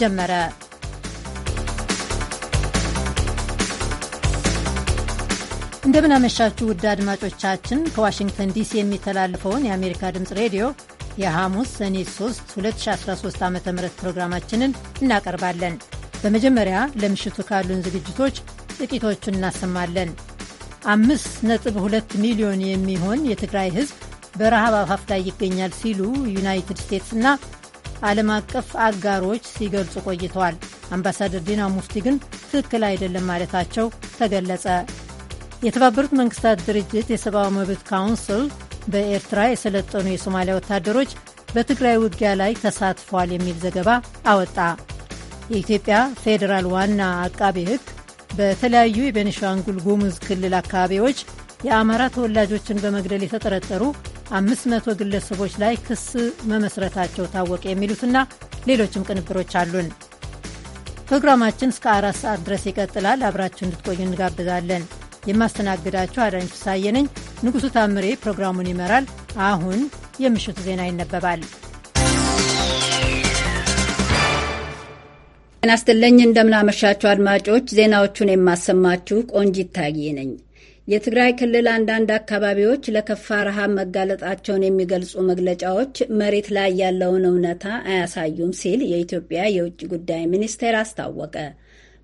ጀመረ። እንደምናመሻችሁ ውድ አድማጮቻችን ከዋሽንግተን ዲሲ የሚተላልፈውን የአሜሪካ ድምፅ ሬዲዮ የሐሙስ ሰኔ 3 2013 ዓ ም ፕሮግራማችንን እናቀርባለን። በመጀመሪያ ለምሽቱ ካሉን ዝግጅቶች ጥቂቶቹን እናሰማለን። አምስት ነጥብ ሁለት ሚሊዮን የሚሆን የትግራይ ሕዝብ በረሃብ አፋፍ ላይ ይገኛል ሲሉ ዩናይትድ ስቴትስ ና። ዓለም አቀፍ አጋሮች ሲገልጹ ቆይተዋል። አምባሳደር ዲና ሙፍቲ ግን ትክክል አይደለም ማለታቸው ተገለጸ። የተባበሩት መንግስታት ድርጅት የሰብአዊ መብት ካውንስል በኤርትራ የሰለጠኑ የሶማሊያ ወታደሮች በትግራይ ውጊያ ላይ ተሳትፏል የሚል ዘገባ አወጣ። የኢትዮጵያ ፌዴራል ዋና አቃቤ ሕግ በተለያዩ የቤኒሻንጉል ጉሙዝ ክልል አካባቢዎች የአማራ ተወላጆችን በመግደል የተጠረጠሩ 500 ግለሰቦች ላይ ክስ መመስረታቸው ታወቀ። የሚሉትና ሌሎችም ቅንብሮች አሉን። ፕሮግራማችን እስከ አራት ሰዓት ድረስ ይቀጥላል። አብራችሁ እንድትቆዩ እንጋብዛለን። የማስተናግዳችሁ አዳኝ ፍሳዬ ነኝ። ንጉሡ ታምሬ ፕሮግራሙን ይመራል። አሁን የምሽቱ ዜና ይነበባል። ጤና ይስጥልኝ። እንደምናመሻችሁ አድማጮች፣ ዜናዎቹን የማሰማችሁ ቆንጂት ታዬ ነኝ። የትግራይ ክልል አንዳንድ አካባቢዎች ለከፋ ረሃብ መጋለጣቸውን የሚገልጹ መግለጫዎች መሬት ላይ ያለውን እውነታ አያሳዩም ሲል የኢትዮጵያ የውጭ ጉዳይ ሚኒስቴር አስታወቀ።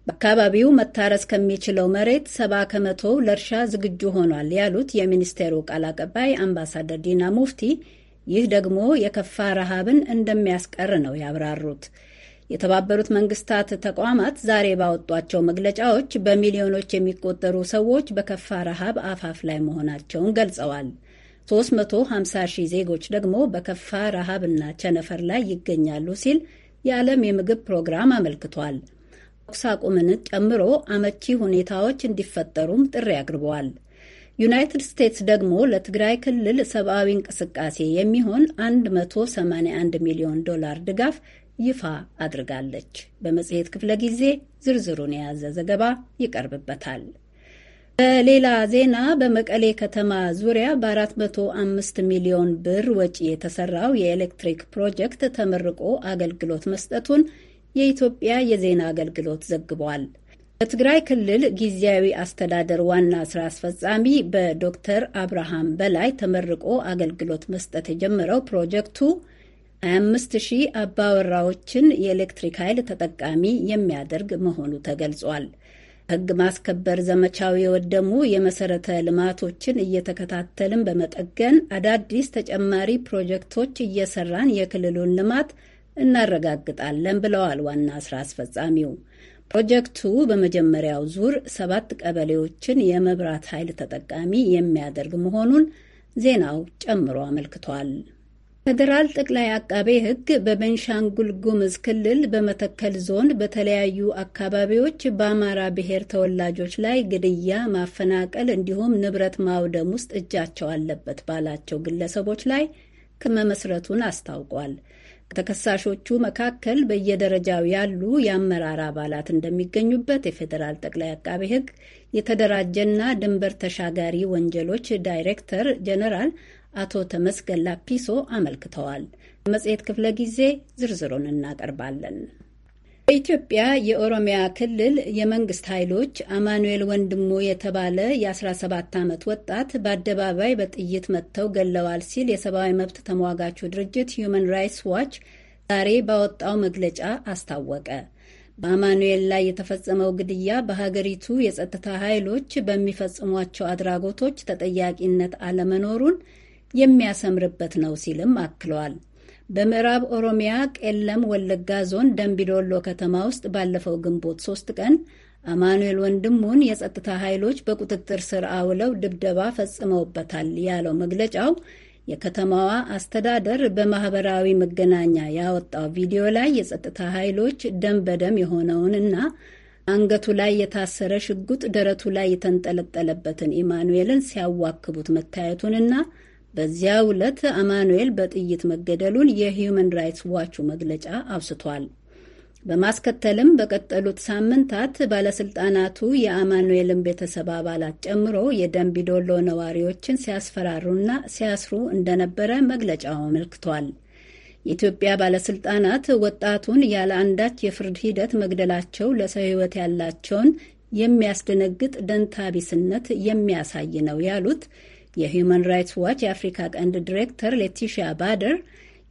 በአካባቢው መታረስ ከሚችለው መሬት ሰባ ከመቶ ለእርሻ ዝግጁ ሆኗል ያሉት የሚኒስቴሩ ቃል አቀባይ አምባሳደር ዲና ሙፍቲ ይህ ደግሞ የከፋ ረሃብን እንደሚያስቀር ነው ያብራሩት። የተባበሩት መንግስታት ተቋማት ዛሬ ባወጧቸው መግለጫዎች በሚሊዮኖች የሚቆጠሩ ሰዎች በከፋ ረሃብ አፋፍ ላይ መሆናቸውን ገልጸዋል። 350 ሺህ ዜጎች ደግሞ በከፋ ረሃብና ቸነፈር ላይ ይገኛሉ ሲል የዓለም የምግብ ፕሮግራም አመልክቷል። ተኩስ አቁምን ጨምሮ አመቺ ሁኔታዎች እንዲፈጠሩም ጥሪ አቅርበዋል። ዩናይትድ ስቴትስ ደግሞ ለትግራይ ክልል ሰብአዊ እንቅስቃሴ የሚሆን 181 ሚሊዮን ዶላር ድጋፍ ይፋ አድርጋለች። በመጽሔት ክፍለ ጊዜ ዝርዝሩን የያዘ ዘገባ ይቀርብበታል። በሌላ ዜና በመቀሌ ከተማ ዙሪያ በ405 ሚሊዮን ብር ወጪ የተሰራው የኤሌክትሪክ ፕሮጀክት ተመርቆ አገልግሎት መስጠቱን የኢትዮጵያ የዜና አገልግሎት ዘግቧል። በትግራይ ክልል ጊዜያዊ አስተዳደር ዋና ስራ አስፈጻሚ በዶክተር አብርሃም በላይ ተመርቆ አገልግሎት መስጠት የጀመረው ፕሮጀክቱ 25 ሺህ አባወራዎችን የኤሌክትሪክ ኃይል ተጠቃሚ የሚያደርግ መሆኑ ተገልጿል። ሕግ ማስከበር ዘመቻው የወደሙ የመሰረተ ልማቶችን እየተከታተልን በመጠገን አዳዲስ ተጨማሪ ፕሮጀክቶች እየሰራን የክልሉን ልማት እናረጋግጣለን ብለዋል ዋና ስራ አስፈጻሚው። ፕሮጀክቱ በመጀመሪያው ዙር ሰባት ቀበሌዎችን የመብራት ኃይል ተጠቃሚ የሚያደርግ መሆኑን ዜናው ጨምሮ አመልክቷል። ፌዴራል ጠቅላይ አቃቤ ሕግ በቤንሻንጉል ጉምዝ ክልል በመተከል ዞን በተለያዩ አካባቢዎች በአማራ ብሔር ተወላጆች ላይ ግድያ፣ ማፈናቀል እንዲሁም ንብረት ማውደም ውስጥ እጃቸው አለበት ባላቸው ግለሰቦች ላይ መመስረቱን አስታውቋል። ከተከሳሾቹ መካከል በየደረጃው ያሉ የአመራር አባላት እንደሚገኙበት የፌዴራል ጠቅላይ አቃቤ ሕግ የተደራጀና ድንበር ተሻጋሪ ወንጀሎች ዳይሬክተር ጀነራል አቶ ተመስገን ላፒሶ አመልክተዋል። መጽሔት ክፍለ ጊዜ ዝርዝሩን እናቀርባለን። በኢትዮጵያ የኦሮሚያ ክልል የመንግስት ኃይሎች አማኑኤል ወንድሞ የተባለ የ17 ዓመት ወጣት በአደባባይ በጥይት መጥተው ገለዋል ሲል የሰብአዊ መብት ተሟጋቹ ድርጅት ሂዩማን ራይትስ ዋች ዛሬ ባወጣው መግለጫ አስታወቀ። በአማኑኤል ላይ የተፈጸመው ግድያ በሀገሪቱ የጸጥታ ኃይሎች በሚፈጽሟቸው አድራጎቶች ተጠያቂነት አለመኖሩን የሚያሰምርበት ነው ሲልም አክለዋል። በምዕራብ ኦሮሚያ ቄለም ወለጋ ዞን ደንቢዶሎ ከተማ ውስጥ ባለፈው ግንቦት ሶስት ቀን አማኑኤል ወንድሙን የጸጥታ ኃይሎች በቁጥጥር ስር አውለው ድብደባ ፈጽመውበታል ያለው መግለጫው የከተማዋ አስተዳደር በማህበራዊ መገናኛ ያወጣው ቪዲዮ ላይ የጸጥታ ኃይሎች ደም በደም የሆነውንና አንገቱ ላይ የታሰረ ሽጉጥ፣ ደረቱ ላይ የተንጠለጠለበትን ኢማኑኤልን ሲያዋክቡት መታየቱንና በዚያ ዕለት አማኑኤል በጥይት መገደሉን የሂዩማን ራይትስ ዋቹ መግለጫ አውስቷል። በማስከተልም በቀጠሉት ሳምንታት ባለስልጣናቱ የአማኑኤልን ቤተሰብ አባላት ጨምሮ የደንቢዶሎ ነዋሪዎችን ሲያስፈራሩና ሲያስሩ እንደነበረ መግለጫው አመልክቷል። የኢትዮጵያ ባለስልጣናት ወጣቱን ያለ አንዳች የፍርድ ሂደት መግደላቸው ለሰው ሕይወት ያላቸውን የሚያስደነግጥ ደንታቢስነት የሚያሳይ ነው ያሉት የሂዩማን ራይትስ ዋች የአፍሪካ ቀንድ ዲሬክተር ሌቲሺያ ባደር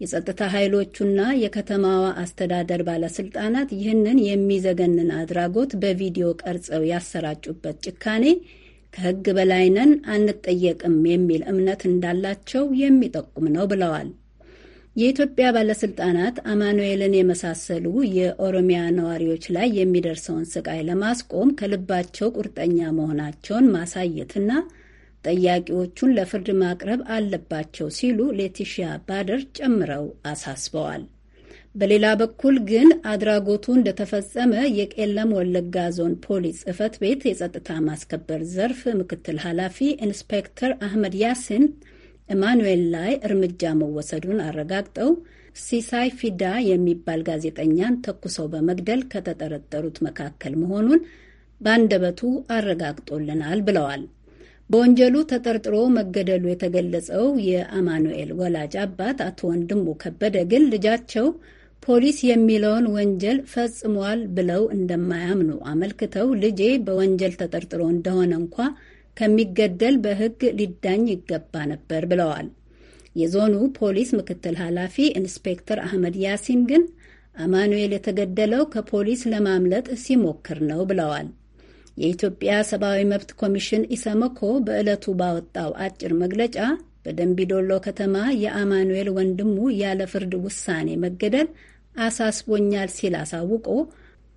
የጸጥታ ኃይሎቹና የከተማዋ አስተዳደር ባለስልጣናት ይህንን የሚዘገንን አድራጎት በቪዲዮ ቀርጸው ያሰራጩበት ጭካኔ ከሕግ በላይ ነን አንጠየቅም የሚል እምነት እንዳላቸው የሚጠቁም ነው ብለዋል። የኢትዮጵያ ባለስልጣናት አማኑኤልን የመሳሰሉ የኦሮሚያ ነዋሪዎች ላይ የሚደርሰውን ስቃይ ለማስቆም ከልባቸው ቁርጠኛ መሆናቸውን ማሳየትና ጠያቂዎቹን ለፍርድ ማቅረብ አለባቸው ሲሉ ሌቲሺያ ባደር ጨምረው አሳስበዋል። በሌላ በኩል ግን አድራጎቱ እንደተፈጸመ የቄለም ወለጋ ዞን ፖሊስ ጽህፈት ቤት የጸጥታ ማስከበር ዘርፍ ምክትል ኃላፊ ኢንስፔክተር አህመድ ያሲን ኢማኑኤል ላይ እርምጃ መወሰዱን አረጋግጠው ሲሳይ ፊዳ የሚባል ጋዜጠኛን ተኩሰው በመግደል ከተጠረጠሩት መካከል መሆኑን በአንደበቱ አረጋግጦልናል ብለዋል። በወንጀሉ ተጠርጥሮ መገደሉ የተገለጸው የአማኑኤል ወላጅ አባት አቶ ወንድሙ ከበደ ግን ልጃቸው ፖሊስ የሚለውን ወንጀል ፈጽሟል ብለው እንደማያምኑ አመልክተው ልጄ በወንጀል ተጠርጥሮ እንደሆነ እንኳ ከሚገደል በሕግ ሊዳኝ ይገባ ነበር ብለዋል። የዞኑ ፖሊስ ምክትል ኃላፊ ኢንስፔክተር አህመድ ያሲን ግን አማኑኤል የተገደለው ከፖሊስ ለማምለጥ ሲሞክር ነው ብለዋል። የኢትዮጵያ ሰብአዊ መብት ኮሚሽን ኢሰመኮ በዕለቱ ባወጣው አጭር መግለጫ በደንቢዶሎ ከተማ የአማኑኤል ወንድሙ ያለ ፍርድ ውሳኔ መገደል አሳስቦኛል ሲል አሳውቆ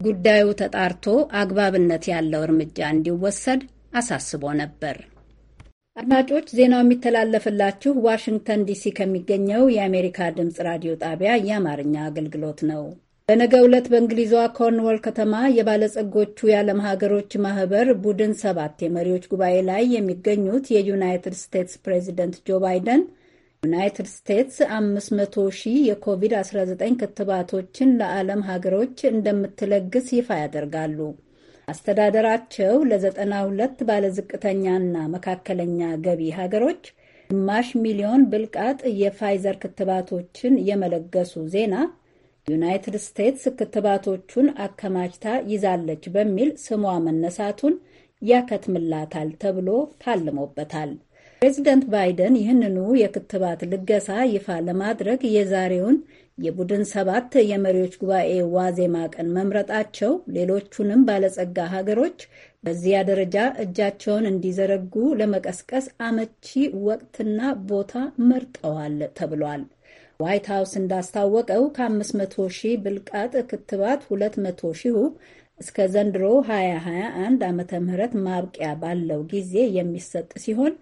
ጉዳዩ ተጣርቶ አግባብነት ያለው እርምጃ እንዲወሰድ አሳስቦ ነበር። አድማጮች ዜናው የሚተላለፍላችሁ ዋሽንግተን ዲሲ ከሚገኘው የአሜሪካ ድምፅ ራዲዮ ጣቢያ የአማርኛ አገልግሎት ነው። በነገ ዕለት በእንግሊዟ ኮርንወል ከተማ የባለጸጎቹ የዓለም ሀገሮች ማህበር ቡድን ሰባት የመሪዎች ጉባኤ ላይ የሚገኙት የዩናይትድ ስቴትስ ፕሬዚደንት ጆ ባይደን ዩናይትድ ስቴትስ 500 ሺህ የኮቪድ-19 ክትባቶችን ለዓለም ሀገሮች እንደምትለግስ ይፋ ያደርጋሉ። አስተዳደራቸው ለ92 ባለዝቅተኛና መካከለኛ ገቢ ሀገሮች ግማሽ ሚሊዮን ብልቃጥ የፋይዘር ክትባቶችን የመለገሱ ዜና ዩናይትድ ስቴትስ ክትባቶቹን አከማችታ ይዛለች በሚል ስሟ መነሳቱን ያከትምላታል ተብሎ ታልሞበታል። ፕሬዚደንት ባይደን ይህንኑ የክትባት ልገሳ ይፋ ለማድረግ የዛሬውን የቡድን ሰባት የመሪዎች ጉባኤ ዋዜማ ቀን መምረጣቸው ሌሎቹንም ባለጸጋ ሀገሮች በዚያ ደረጃ እጃቸውን እንዲዘረጉ ለመቀስቀስ አመቺ ወቅትና ቦታ መርጠዋል ተብሏል። ዋይት ሀውስ እንዳስታወቀው ከ500 ሺህ ብልቃጥ ክትባት 200 ሺሁ እስከ ዘንድሮ 2021 ዓመተ ምህረት ማብቂያ ባለው ጊዜ የሚሰጥ ሲሆን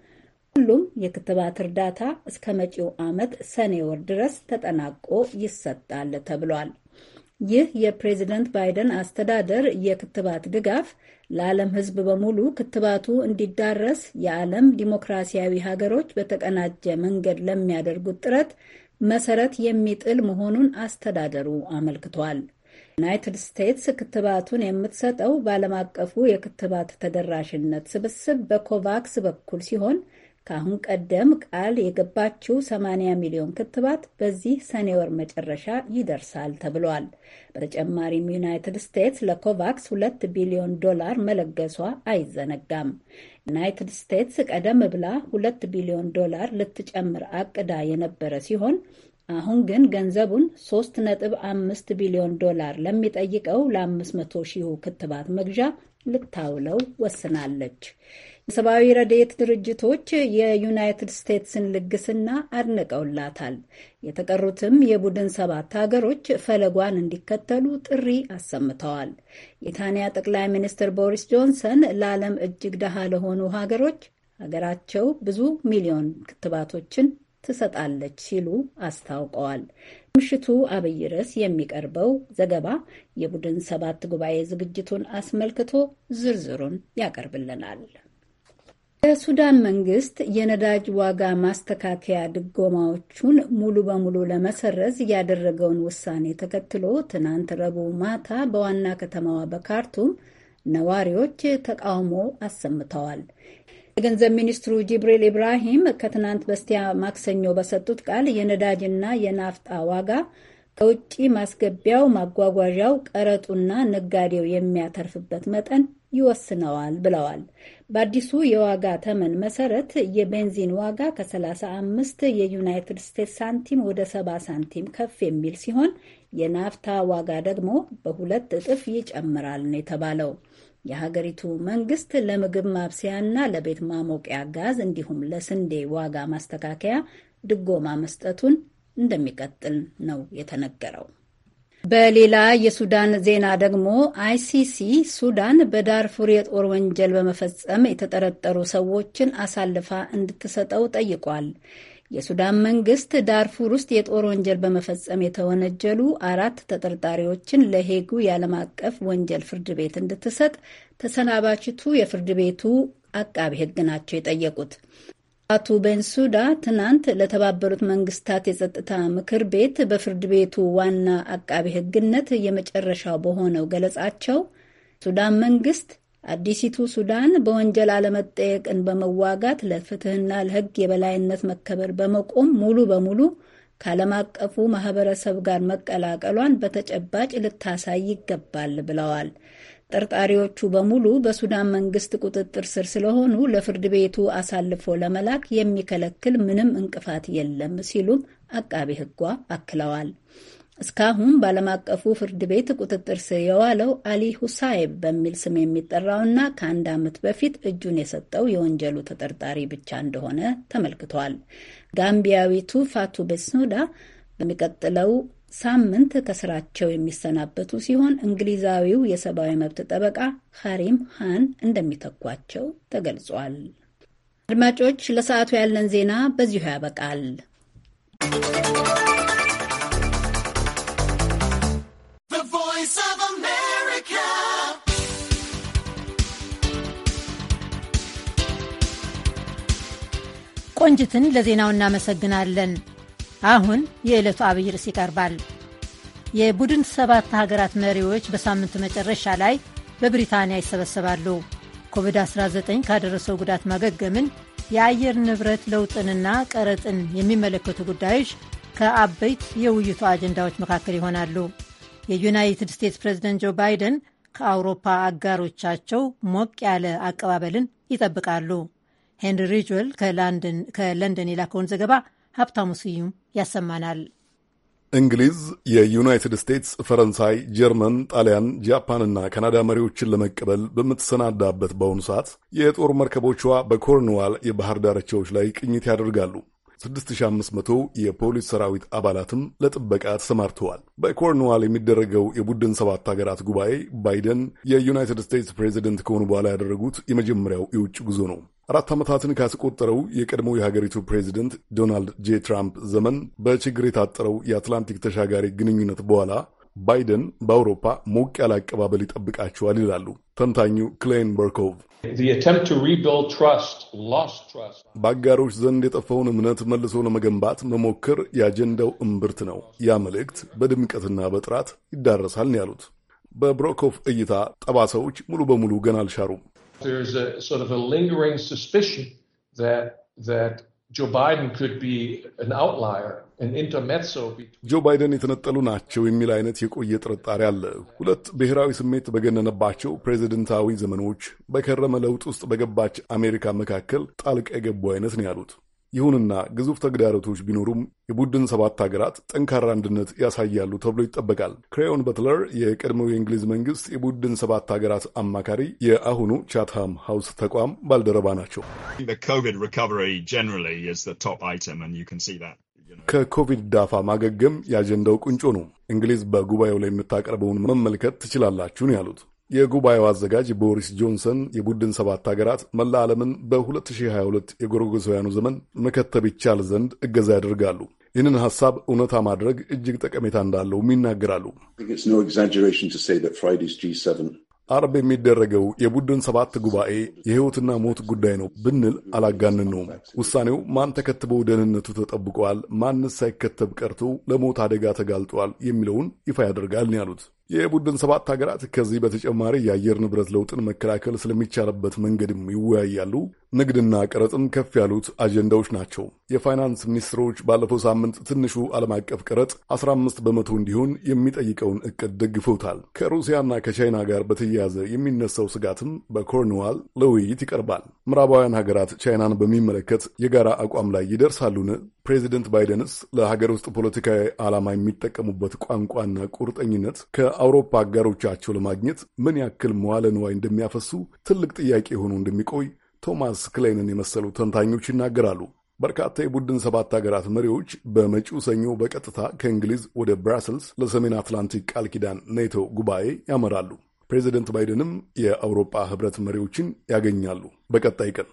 ሁሉም የክትባት እርዳታ እስከ መጪው ዓመት ሰኔ ወር ድረስ ተጠናቆ ይሰጣል ተብሏል። ይህ የፕሬዚደንት ባይደን አስተዳደር የክትባት ድጋፍ ለዓለም ሕዝብ በሙሉ ክትባቱ እንዲዳረስ የዓለም ዲሞክራሲያዊ ሀገሮች በተቀናጀ መንገድ ለሚያደርጉት ጥረት መሰረት የሚጥል መሆኑን አስተዳደሩ አመልክቷል። ዩናይትድ ስቴትስ ክትባቱን የምትሰጠው በዓለም አቀፉ የክትባት ተደራሽነት ስብስብ በኮቫክስ በኩል ሲሆን ከአሁን ቀደም ቃል የገባችው 80 ሚሊዮን ክትባት በዚህ ሰኔ ወር መጨረሻ ይደርሳል ተብሏል። በተጨማሪም ዩናይትድ ስቴትስ ለኮቫክስ 2 ቢሊዮን ዶላር መለገሷ አይዘነጋም። ዩናይትድ ስቴትስ ቀደም ብላ 2 ቢሊዮን ዶላር ልትጨምር አቅዳ የነበረ ሲሆን አሁን ግን ገንዘቡን 3.5 ቢሊዮን ዶላር ለሚጠይቀው ለ500 ሺሁ ክትባት መግዣ ልታውለው ወስናለች። የሰብአዊ ረድኤት ድርጅቶች የዩናይትድ ስቴትስን ልግስና አድንቀውላታል። የተቀሩትም የቡድን ሰባት ሀገሮች ፈለጓን እንዲከተሉ ጥሪ አሰምተዋል። የታንያ ጠቅላይ ሚኒስትር ቦሪስ ጆንሰን ለዓለም እጅግ ደሃ ለሆኑ ሀገሮች ሀገራቸው ብዙ ሚሊዮን ክትባቶችን ትሰጣለች ሲሉ አስታውቀዋል። ምሽቱ አብይ ርዕስ የሚቀርበው ዘገባ የቡድን ሰባት ጉባኤ ዝግጅቱን አስመልክቶ ዝርዝሩን ያቀርብልናል። የሱዳን መንግስት የነዳጅ ዋጋ ማስተካከያ ድጎማዎቹን ሙሉ በሙሉ ለመሰረዝ ያደረገውን ውሳኔ ተከትሎ ትናንት ረቡዕ ማታ በዋና ከተማዋ በካርቱም ነዋሪዎች ተቃውሞ አሰምተዋል። የገንዘብ ሚኒስትሩ ጅብሪል ኢብራሂም ከትናንት በስቲያ ማክሰኞ በሰጡት ቃል የነዳጅና የናፍጣ ዋጋ ከውጭ ማስገቢያው ማጓጓዣው፣ ቀረጡና ነጋዴው የሚያተርፍበት መጠን ይወስነዋል ብለዋል። በአዲሱ የዋጋ ተመን መሰረት የቤንዚን ዋጋ ከ35 የዩናይትድ ስቴትስ ሳንቲም ወደ 70 ሳንቲም ከፍ የሚል ሲሆን የናፍታ ዋጋ ደግሞ በሁለት እጥፍ ይጨምራል ነው የተባለው። የሀገሪቱ መንግስት ለምግብ ማብሰያና ለቤት ማሞቂያ ጋዝ እንዲሁም ለስንዴ ዋጋ ማስተካከያ ድጎማ መስጠቱን እንደሚቀጥል ነው የተነገረው። በሌላ የሱዳን ዜና ደግሞ አይሲሲ ሱዳን በዳርፉር የጦር ወንጀል በመፈጸም የተጠረጠሩ ሰዎችን አሳልፋ እንድትሰጠው ጠይቋል። የሱዳን መንግስት ዳርፉር ውስጥ የጦር ወንጀል በመፈጸም የተወነጀሉ አራት ተጠርጣሪዎችን ለሄጉ የዓለም አቀፍ ወንጀል ፍርድ ቤት እንድትሰጥ ተሰናባችቱ የፍርድ ቤቱ አቃቢ ሕግ ናቸው የጠየቁት። አቶ ቤንሱዳ ትናንት ለተባበሩት መንግስታት የጸጥታ ምክር ቤት በፍርድ ቤቱ ዋና አቃቢ ሕግነት የመጨረሻው በሆነው ገለጻቸው ሱዳን መንግስት አዲሲቱ ሱዳን በወንጀል አለመጠየቅን በመዋጋት ለፍትህና ለህግ የበላይነት መከበር በመቆም ሙሉ በሙሉ ከዓለም አቀፉ ማህበረሰብ ጋር መቀላቀሏን በተጨባጭ ልታሳይ ይገባል ብለዋል። ተጠርጣሪዎቹ በሙሉ በሱዳን መንግስት ቁጥጥር ስር ስለሆኑ ለፍርድ ቤቱ አሳልፎ ለመላክ የሚከለክል ምንም እንቅፋት የለም ሲሉም አቃቤ ሕጓ አክለዋል። እስካሁን በዓለም አቀፉ ፍርድ ቤት ቁጥጥር ስር የዋለው አሊ ሁሳይብ በሚል ስም የሚጠራውና ከአንድ ዓመት በፊት እጁን የሰጠው የወንጀሉ ተጠርጣሪ ብቻ እንደሆነ ተመልክቷል። ጋምቢያዊቱ ፋቱ ቤስኑዳ በሚቀጥለው ሳምንት ከስራቸው የሚሰናበቱ ሲሆን እንግሊዛዊው የሰብአዊ መብት ጠበቃ ሀሪም ሃን እንደሚተኳቸው ተገልጿል። አድማጮች፣ ለሰዓቱ ያለን ዜና በዚሁ ያበቃል። ቆንጅትን ለዜናው እናመሰግናለን። አሁን የዕለቱ አብይ ርዕስ ይቀርባል። የቡድን ሰባት ሀገራት መሪዎች በሳምንቱ መጨረሻ ላይ በብሪታንያ ይሰበሰባሉ። ኮቪድ-19 ካደረሰው ጉዳት ማገገምን፣ የአየር ንብረት ለውጥንና ቀረጥን የሚመለከቱ ጉዳዮች ከአበይት የውይይቱ አጀንዳዎች መካከል ይሆናሉ። የዩናይትድ ስቴትስ ፕሬዝደንት ጆ ባይደን ከአውሮፓ አጋሮቻቸው ሞቅ ያለ አቀባበልን ይጠብቃሉ። ሄንሪ ሪጅዌል ከለንደን የላከውን ዘገባ ሀብታሙ ስዩም ያሰማናል። እንግሊዝ የዩናይትድ ስቴትስ፣ ፈረንሳይ፣ ጀርመን፣ ጣሊያን፣ ጃፓንና ካናዳ መሪዎችን ለመቀበል በምትሰናዳበት በአሁኑ ሰዓት የጦር መርከቦቿ በኮርንዋል የባህር ዳርቻዎች ላይ ቅኝት ያደርጋሉ። 6500 የፖሊስ ሰራዊት አባላትም ለጥበቃ ተሰማርተዋል። በኮርንዋል የሚደረገው የቡድን ሰባት ሀገራት ጉባኤ ባይደን የዩናይትድ ስቴትስ ፕሬዚደንት ከሆኑ በኋላ ያደረጉት የመጀመሪያው የውጭ ጉዞ ነው። አራት ዓመታትን ካስቆጠረው የቀድሞ የሀገሪቱ ፕሬዚደንት ዶናልድ ጄ ትራምፕ ዘመን በችግር የታጠረው የአትላንቲክ ተሻጋሪ ግንኙነት በኋላ ባይደን በአውሮፓ ሞቅ ያለ አቀባበል ይጠብቃቸዋል ይላሉ ተንታኙ ክሌን በርኮቭ። በአጋሮች ዘንድ የጠፋውን እምነት መልሶ ለመገንባት መሞከር የአጀንዳው እምብርት ነው። ያ መልእክት በድምቀትና በጥራት ይዳረሳል ነው ያሉት። በብሮኮፍ እይታ ጠባሳዎች ሙሉ በሙሉ ገና አልሻሩም። ጆ ባይደን ጆ ባይደን የተነጠሉ ናቸው የሚል አይነት የቆየ ጥርጣሬ አለ። ሁለት ብሔራዊ ስሜት በገነነባቸው ፕሬዚደንታዊ ዘመኖች በከረመ ለውጥ ውስጥ በገባች አሜሪካ መካከል ጣልቃ የገቡ አይነት ነው ያሉት። ይሁንና ግዙፍ ተግዳሮቶች ቢኖሩም የቡድን ሰባት ሀገራት ጠንካራ አንድነት ያሳያሉ ተብሎ ይጠበቃል። ክሬዮን በትለር የቀድሞው የእንግሊዝ መንግስት የቡድን ሰባት ሀገራት አማካሪ፣ የአሁኑ ቻትሃም ሀውስ ተቋም ባልደረባ ናቸው። ከኮቪድ ዳፋ ማገገም የአጀንዳው ቁንጮ ነው። እንግሊዝ በጉባኤው ላይ የምታቀርበውን መመልከት ትችላላችሁ ነው ያሉት። የጉባኤው አዘጋጅ ቦሪስ ጆንሰን የቡድን ሰባት ሀገራት መላ ዓለምን በ2022 የጎረጎሰውያኑ ዘመን መከተብ ይቻል ዘንድ እገዛ ያደርጋሉ። ይህንን ሀሳብ እውነታ ማድረግ እጅግ ጠቀሜታ እንዳለውም ይናገራሉ። አርብ የሚደረገው የቡድን ሰባት ጉባኤ የሕይወትና ሞት ጉዳይ ነው ብንል አላጋንን ነውም። ውሳኔው ማን ተከትበው ደህንነቱ ተጠብቀዋል፣ ማንስ ሳይከተብ ቀርቶ ለሞት አደጋ ተጋልጧል የሚለውን ይፋ ያደርጋል ያሉት። የቡድን ሰባት ሀገራት ከዚህ በተጨማሪ የአየር ንብረት ለውጥን መከላከል ስለሚቻልበት መንገድም ይወያያሉ። ንግድና ቀረጥም ከፍ ያሉት አጀንዳዎች ናቸው። የፋይናንስ ሚኒስትሮች ባለፈው ሳምንት ትንሹ ዓለም አቀፍ ቀረጥ 15 በመቶ እንዲሆን የሚጠይቀውን እቅድ ደግፈውታል። ከሩሲያና ከቻይና ጋር በተያያዘ የሚነሳው ስጋትም በኮርንዋል ለውይይት ይቀርባል። ምዕራባውያን ሀገራት ቻይናን በሚመለከት የጋራ አቋም ላይ ይደርሳሉን? ፕሬዚደንት ባይደንስ ለሀገር ውስጥ ፖለቲካዊ ዓላማ የሚጠቀሙበት ቋንቋና ቁርጠኝነት ከአውሮፓ አጋሮቻቸው ለማግኘት ምን ያክል መዋለ ንዋይ እንደሚያፈሱ ትልቅ ጥያቄ ሆኖ እንደሚቆይ ቶማስ ክሌንን የመሰሉ ተንታኞች ይናገራሉ። በርካታ የቡድን ሰባት ሀገራት መሪዎች በመጪው ሰኞ በቀጥታ ከእንግሊዝ ወደ ብራስልስ ለሰሜን አትላንቲክ ቃል ኪዳን ኔቶ ጉባኤ ያመራሉ። ፕሬዚደንት ባይደንም የአውሮፓ ህብረት መሪዎችን ያገኛሉ በቀጣይ ቀን።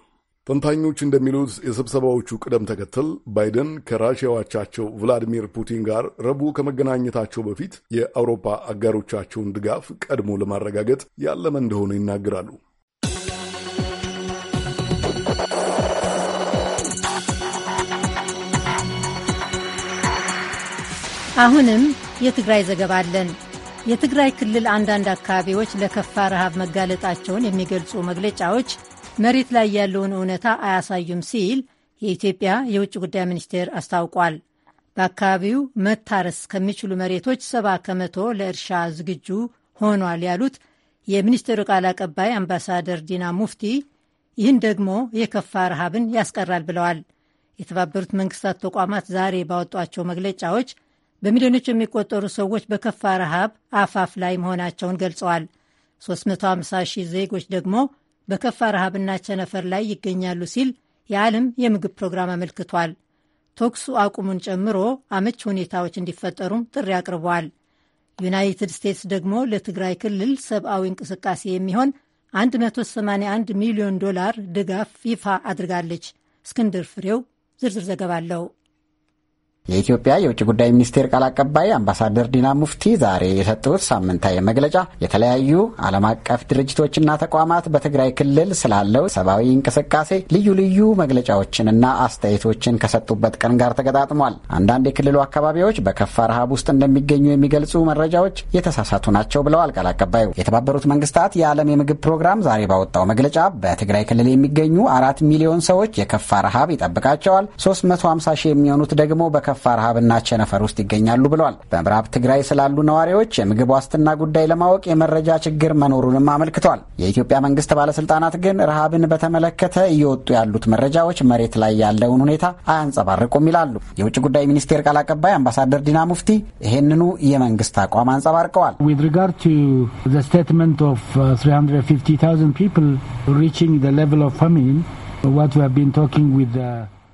ተንታኞች እንደሚሉት የስብሰባዎቹ ቅደም ተከተል ባይደን ከራሽያው አቻቸው ቭላዲሚር ፑቲን ጋር ረቡዕ ከመገናኘታቸው በፊት የአውሮፓ አጋሮቻቸውን ድጋፍ ቀድሞ ለማረጋገጥ ያለመ እንደሆነ ይናገራሉ። አሁንም የትግራይ ዘገባ አለን። የትግራይ ክልል አንዳንድ አካባቢዎች ለከፋ ረሃብ መጋለጣቸውን የሚገልጹ መግለጫዎች መሬት ላይ ያለውን እውነታ አያሳዩም ሲል የኢትዮጵያ የውጭ ጉዳይ ሚኒስቴር አስታውቋል። በአካባቢው መታረስ ከሚችሉ መሬቶች ሰባ ከመቶ ለእርሻ ዝግጁ ሆኗል ያሉት የሚኒስቴሩ ቃል አቀባይ አምባሳደር ዲና ሙፍቲ ይህን ደግሞ የከፋ ረሃብን ያስቀራል ብለዋል። የተባበሩት መንግስታት ተቋማት ዛሬ ባወጧቸው መግለጫዎች በሚሊዮኖች የሚቆጠሩ ሰዎች በከፋ ረሃብ አፋፍ ላይ መሆናቸውን ገልጸዋል። 350 ሺህ ዜጎች ደግሞ በከፋ ረሃብና ቸነፈር ላይ ይገኛሉ ሲል የዓለም የምግብ ፕሮግራም አመልክቷል። ተኩሱ አቁሙን ጨምሮ አመች ሁኔታዎች እንዲፈጠሩም ጥሪ አቅርበዋል። ዩናይትድ ስቴትስ ደግሞ ለትግራይ ክልል ሰብአዊ እንቅስቃሴ የሚሆን 181 ሚሊዮን ዶላር ድጋፍ ይፋ አድርጋለች። እስክንድር ፍሬው ዝርዝር ዘገባ አለው። የኢትዮጵያ የውጭ ጉዳይ ሚኒስቴር ቃል አቀባይ አምባሳደር ዲና ሙፍቲ ዛሬ የሰጡት ሳምንታዊ መግለጫ የተለያዩ ዓለም አቀፍ ድርጅቶችና ተቋማት በትግራይ ክልል ስላለው ሰብአዊ እንቅስቃሴ ልዩ ልዩ መግለጫዎችንና አስተያየቶችን ከሰጡበት ቀን ጋር ተገጣጥሟል። አንዳንድ የክልሉ አካባቢዎች በከፋ ረሃብ ውስጥ እንደሚገኙ የሚገልጹ መረጃዎች የተሳሳቱ ናቸው ብለዋል ቃል አቀባዩ። የተባበሩት መንግስታት የዓለም የምግብ ፕሮግራም ዛሬ ባወጣው መግለጫ በትግራይ ክልል የሚገኙ አራት ሚሊዮን ሰዎች የከፋ ረሃብ ይጠብቃቸዋል። 350 ሺህ የሚሆኑት ደግሞ በከ በከፋ ረሃብና ቸነፈር ውስጥ ይገኛሉ ብለዋል። በምዕራብ ትግራይ ስላሉ ነዋሪዎች የምግብ ዋስትና ጉዳይ ለማወቅ የመረጃ ችግር መኖሩንም አመልክተዋል። የኢትዮጵያ መንግስት ባለስልጣናት ግን ረሃብን በተመለከተ እየወጡ ያሉት መረጃዎች መሬት ላይ ያለውን ሁኔታ አያንጸባርቁም ይላሉ። የውጭ ጉዳይ ሚኒስቴር ቃል አቀባይ አምባሳደር ዲና ሙፍቲ ይህንኑ የመንግስት አቋም አንጸባርቀዋል።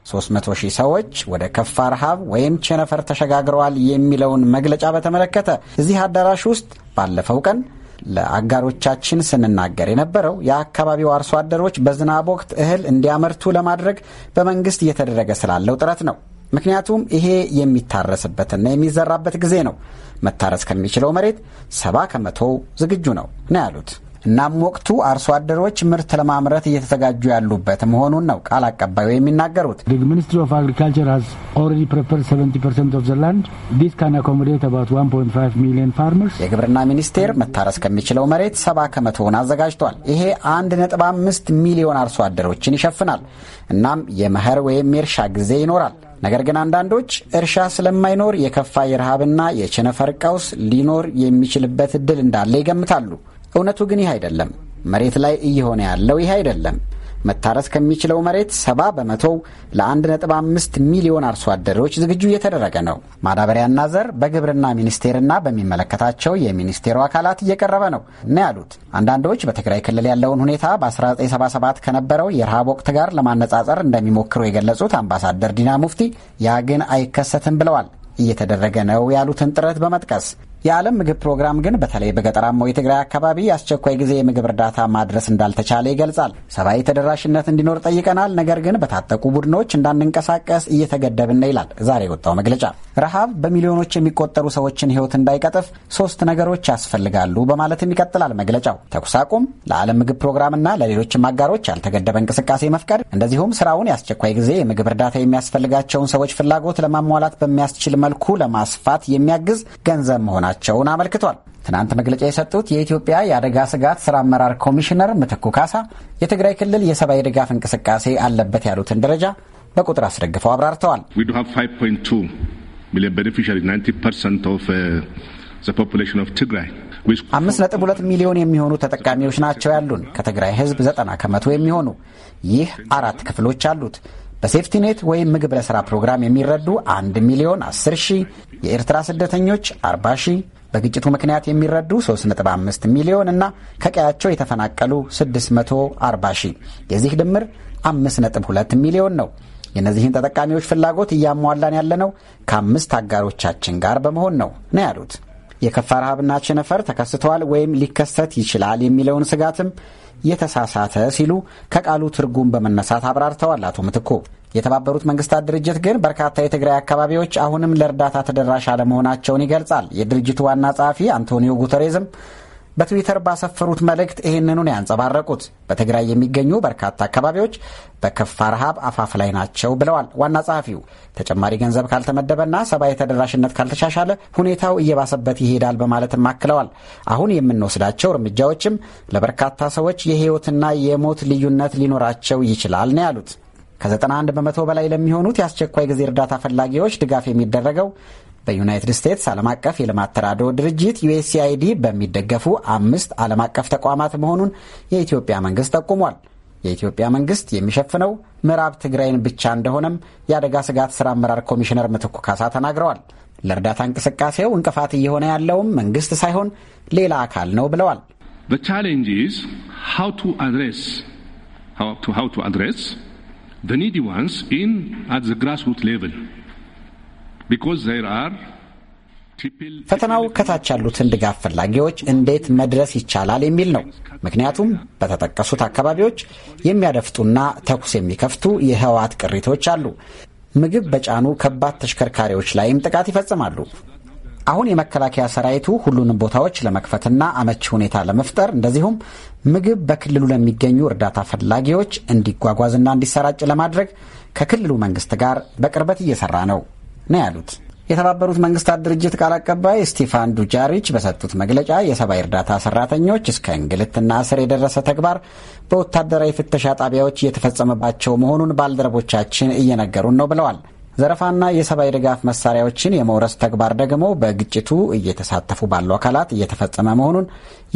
300 ሺህ ሰዎች ወደ ከፋ ረሃብ ወይም ቸነፈር ተሸጋግረዋል የሚለውን መግለጫ በተመለከተ እዚህ አዳራሽ ውስጥ ባለፈው ቀን ለአጋሮቻችን ስንናገር የነበረው የአካባቢው አርሶ አደሮች በዝናብ ወቅት እህል እንዲያመርቱ ለማድረግ በመንግስት እየተደረገ ስላለው ጥረት ነው። ምክንያቱም ይሄ የሚታረስበትና የሚዘራበት ጊዜ ነው። መታረስ ከሚችለው መሬት ሰባ ከመቶ ዝግጁ ነው ነው ያሉት እናም ወቅቱ አርሶ አደሮች ምርት ለማምረት እየተዘጋጁ ያሉበት መሆኑን ነው ቃል አቀባዩ የሚናገሩት። ሚኒስትሪ ኦፍ አግሪካልቸር ሃዝ ኦልሬዲ ፕሪፐርድ 70 ፐርሰንት ኦፍ ዘ ላንድ ዲስ ካን አኮሞዴት አባት 1.5 ሚሊዮን ፋርመርስ። የግብርና ሚኒስቴር መታረስ ከሚችለው መሬት 70 ከመቶውን አዘጋጅቷል። ይሄ 1.5 ሚሊዮን አርሶ አደሮችን ይሸፍናል። እናም የመኸር ወይም የእርሻ ጊዜ ይኖራል። ነገር ግን አንዳንዶች እርሻ ስለማይኖር የከፋ የረሃብና የቸነፈር ቀውስ ሊኖር የሚችልበት እድል እንዳለ ይገምታሉ። እውነቱ ግን ይህ አይደለም። መሬት ላይ እየሆነ ያለው ይህ አይደለም። መታረስ ከሚችለው መሬት ሰባ በመቶው ለ1.5 ሚሊዮን አርሶ አደሮች ዝግጁ እየተደረገ ነው። ማዳበሪያና ዘር በግብርና ሚኒስቴርና በሚመለከታቸው የሚኒስቴሩ አካላት እየቀረበ ነው ነው ያሉት። አንዳንዶች በትግራይ ክልል ያለውን ሁኔታ በ1977 ከነበረው የረሃብ ወቅት ጋር ለማነጻጸር እንደሚሞክሩ የገለጹት አምባሳደር ዲና ሙፍቲ ያ ግን አይከሰትም ብለዋል። እየተደረገ ነው ያሉትን ጥረት በመጥቀስ የዓለም ምግብ ፕሮግራም ግን በተለይ በገጠራማው የትግራይ አካባቢ አስቸኳይ ጊዜ የምግብ እርዳታ ማድረስ እንዳልተቻለ ይገልጻል። ሰብአዊ ተደራሽነት እንዲኖር ጠይቀናል፣ ነገር ግን በታጠቁ ቡድኖች እንዳንንቀሳቀስ እየተገደብን ይላል ዛሬ የወጣው መግለጫ። ረሃብ በሚሊዮኖች የሚቆጠሩ ሰዎችን ሕይወት እንዳይቀጥፍ ሶስት ነገሮች ያስፈልጋሉ በማለትም ይቀጥላል መግለጫው። ተኩስ አቁም፣ ለዓለም ምግብ ፕሮግራምና ለሌሎችም አጋሮች ያልተገደበ እንቅስቃሴ መፍቀድ፣ እንደዚሁም ስራውን የአስቸኳይ ጊዜ የምግብ እርዳታ የሚያስፈልጋቸውን ሰዎች ፍላጎት ለማሟላት በሚያስችል መልኩ ለማስፋት የሚያግዝ ገንዘብ መሆናቸው መግለጻቸውን አመልክቷል። ትናንት መግለጫ የሰጡት የኢትዮጵያ የአደጋ ስጋት ስራ አመራር ኮሚሽነር ምትኩ ካሳ የትግራይ ክልል የሰብአዊ ድጋፍ እንቅስቃሴ አለበት ያሉትን ደረጃ በቁጥር አስደግፈው አብራርተዋል። uh, አምስት ነጥብ ሁለት ሚሊዮን የሚሆኑ ተጠቃሚዎች ናቸው ያሉን ከትግራይ ህዝብ ዘጠና ከመቶ የሚሆኑ ይህ አራት ክፍሎች አሉት። በሴፍቲኔት ወይም ምግብ ለሥራ ፕሮግራም የሚረዱ 1 ሚሊዮን 10 ሺህ የኤርትራ ስደተኞች 40 ሺህ በግጭቱ ምክንያት የሚረዱ 3.5 ሚሊዮን እና ከቀያቸው የተፈናቀሉ 640 ሺህ የዚህ ድምር 5.2 ሚሊዮን ነው። የእነዚህን ተጠቃሚዎች ፍላጎት እያሟላን ያለነው ከአምስት አጋሮቻችን ጋር በመሆን ነው ነው ያሉት የከፋ ረሃብና ቸነፈር ተከስተዋል ወይም ሊከሰት ይችላል የሚለውን ስጋትም የተሳሳተ ሲሉ ከቃሉ ትርጉም በመነሳት አብራርተዋል አቶ ምትኩ። የተባበሩት መንግስታት ድርጅት ግን በርካታ የትግራይ አካባቢዎች አሁንም ለእርዳታ ተደራሽ አለመሆናቸውን ይገልጻል። የድርጅቱ ዋና ጸሐፊ አንቶኒዮ ጉተሬዝም በትዊተር ባሰፈሩት መልእክት ይህንኑን ያንጸባረቁት በትግራይ የሚገኙ በርካታ አካባቢዎች በከፋ ረሃብ አፋፍ ላይ ናቸው ብለዋል ዋና ጸሐፊው። ተጨማሪ ገንዘብ ካልተመደበና ሰብአዊ ተደራሽነት ካልተሻሻለ ሁኔታው እየባሰበት ይሄዳል በማለትም አክለዋል። አሁን የምንወስዳቸው እርምጃዎችም ለበርካታ ሰዎች የህይወትና የሞት ልዩነት ሊኖራቸው ይችላል ነው ያሉት። ከ91 በመቶ በላይ ለሚሆኑት የአስቸኳይ ጊዜ እርዳታ ፈላጊዎች ድጋፍ የሚደረገው በዩናይትድ ስቴትስ ዓለም አቀፍ የልማት ተራድኦ ድርጅት ዩኤስኤአይዲ በሚደገፉ አምስት ዓለም አቀፍ ተቋማት መሆኑን የኢትዮጵያ መንግስት ጠቁሟል። የኢትዮጵያ መንግስት የሚሸፍነው ምዕራብ ትግራይን ብቻ እንደሆነም የአደጋ ስጋት ስራ አመራር ኮሚሽነር ምትኩ ካሳ ተናግረዋል። ለእርዳታ እንቅስቃሴው እንቅፋት እየሆነ ያለውም መንግስት ሳይሆን ሌላ አካል ነው ብለዋል። ፈተናው ከታች ያሉትን ድጋፍ ፈላጊዎች እንዴት መድረስ ይቻላል የሚል ነው። ምክንያቱም በተጠቀሱት አካባቢዎች የሚያደፍጡና ተኩስ የሚከፍቱ የህወሓት ቅሪቶች አሉ። ምግብ በጫኑ ከባድ ተሽከርካሪዎች ላይም ጥቃት ይፈጽማሉ። አሁን የመከላከያ ሰራዊቱ ሁሉንም ቦታዎች ለመክፈትና አመቺ ሁኔታ ለመፍጠር እንደዚሁም ምግብ በክልሉ ለሚገኙ እርዳታ ፈላጊዎች እንዲጓጓዝና እንዲሰራጭ ለማድረግ ከክልሉ መንግስት ጋር በቅርበት እየሰራ ነው። ነው ያሉት። የተባበሩት መንግስታት ድርጅት ቃል አቀባይ ስቲፋን ዱጃሪች በሰጡት መግለጫ የሰብአዊ እርዳታ ሰራተኞች እስከ እንግልትና እስር የደረሰ ተግባር በወታደራዊ ፍተሻ ጣቢያዎች እየተፈጸመባቸው መሆኑን ባልደረቦቻችን እየነገሩን ነው ብለዋል። ዘረፋና የሰብአዊ ድጋፍ መሳሪያዎችን የመውረስ ተግባር ደግሞ በግጭቱ እየተሳተፉ ባሉ አካላት እየተፈጸመ መሆኑን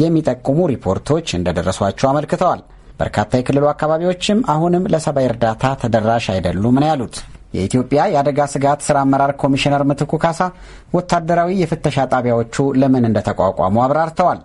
የሚጠቁሙ ሪፖርቶች እንደደረሷቸው አመልክተዋል። በርካታ የክልሉ አካባቢዎችም አሁንም ለሰብአዊ እርዳታ ተደራሽ አይደሉም ነው ያሉት። የኢትዮጵያ የአደጋ ስጋት ስራ አመራር ኮሚሽነር ምትኩ ካሳ ወታደራዊ የፍተሻ ጣቢያዎቹ ለምን እንደተቋቋሙ አብራርተዋል።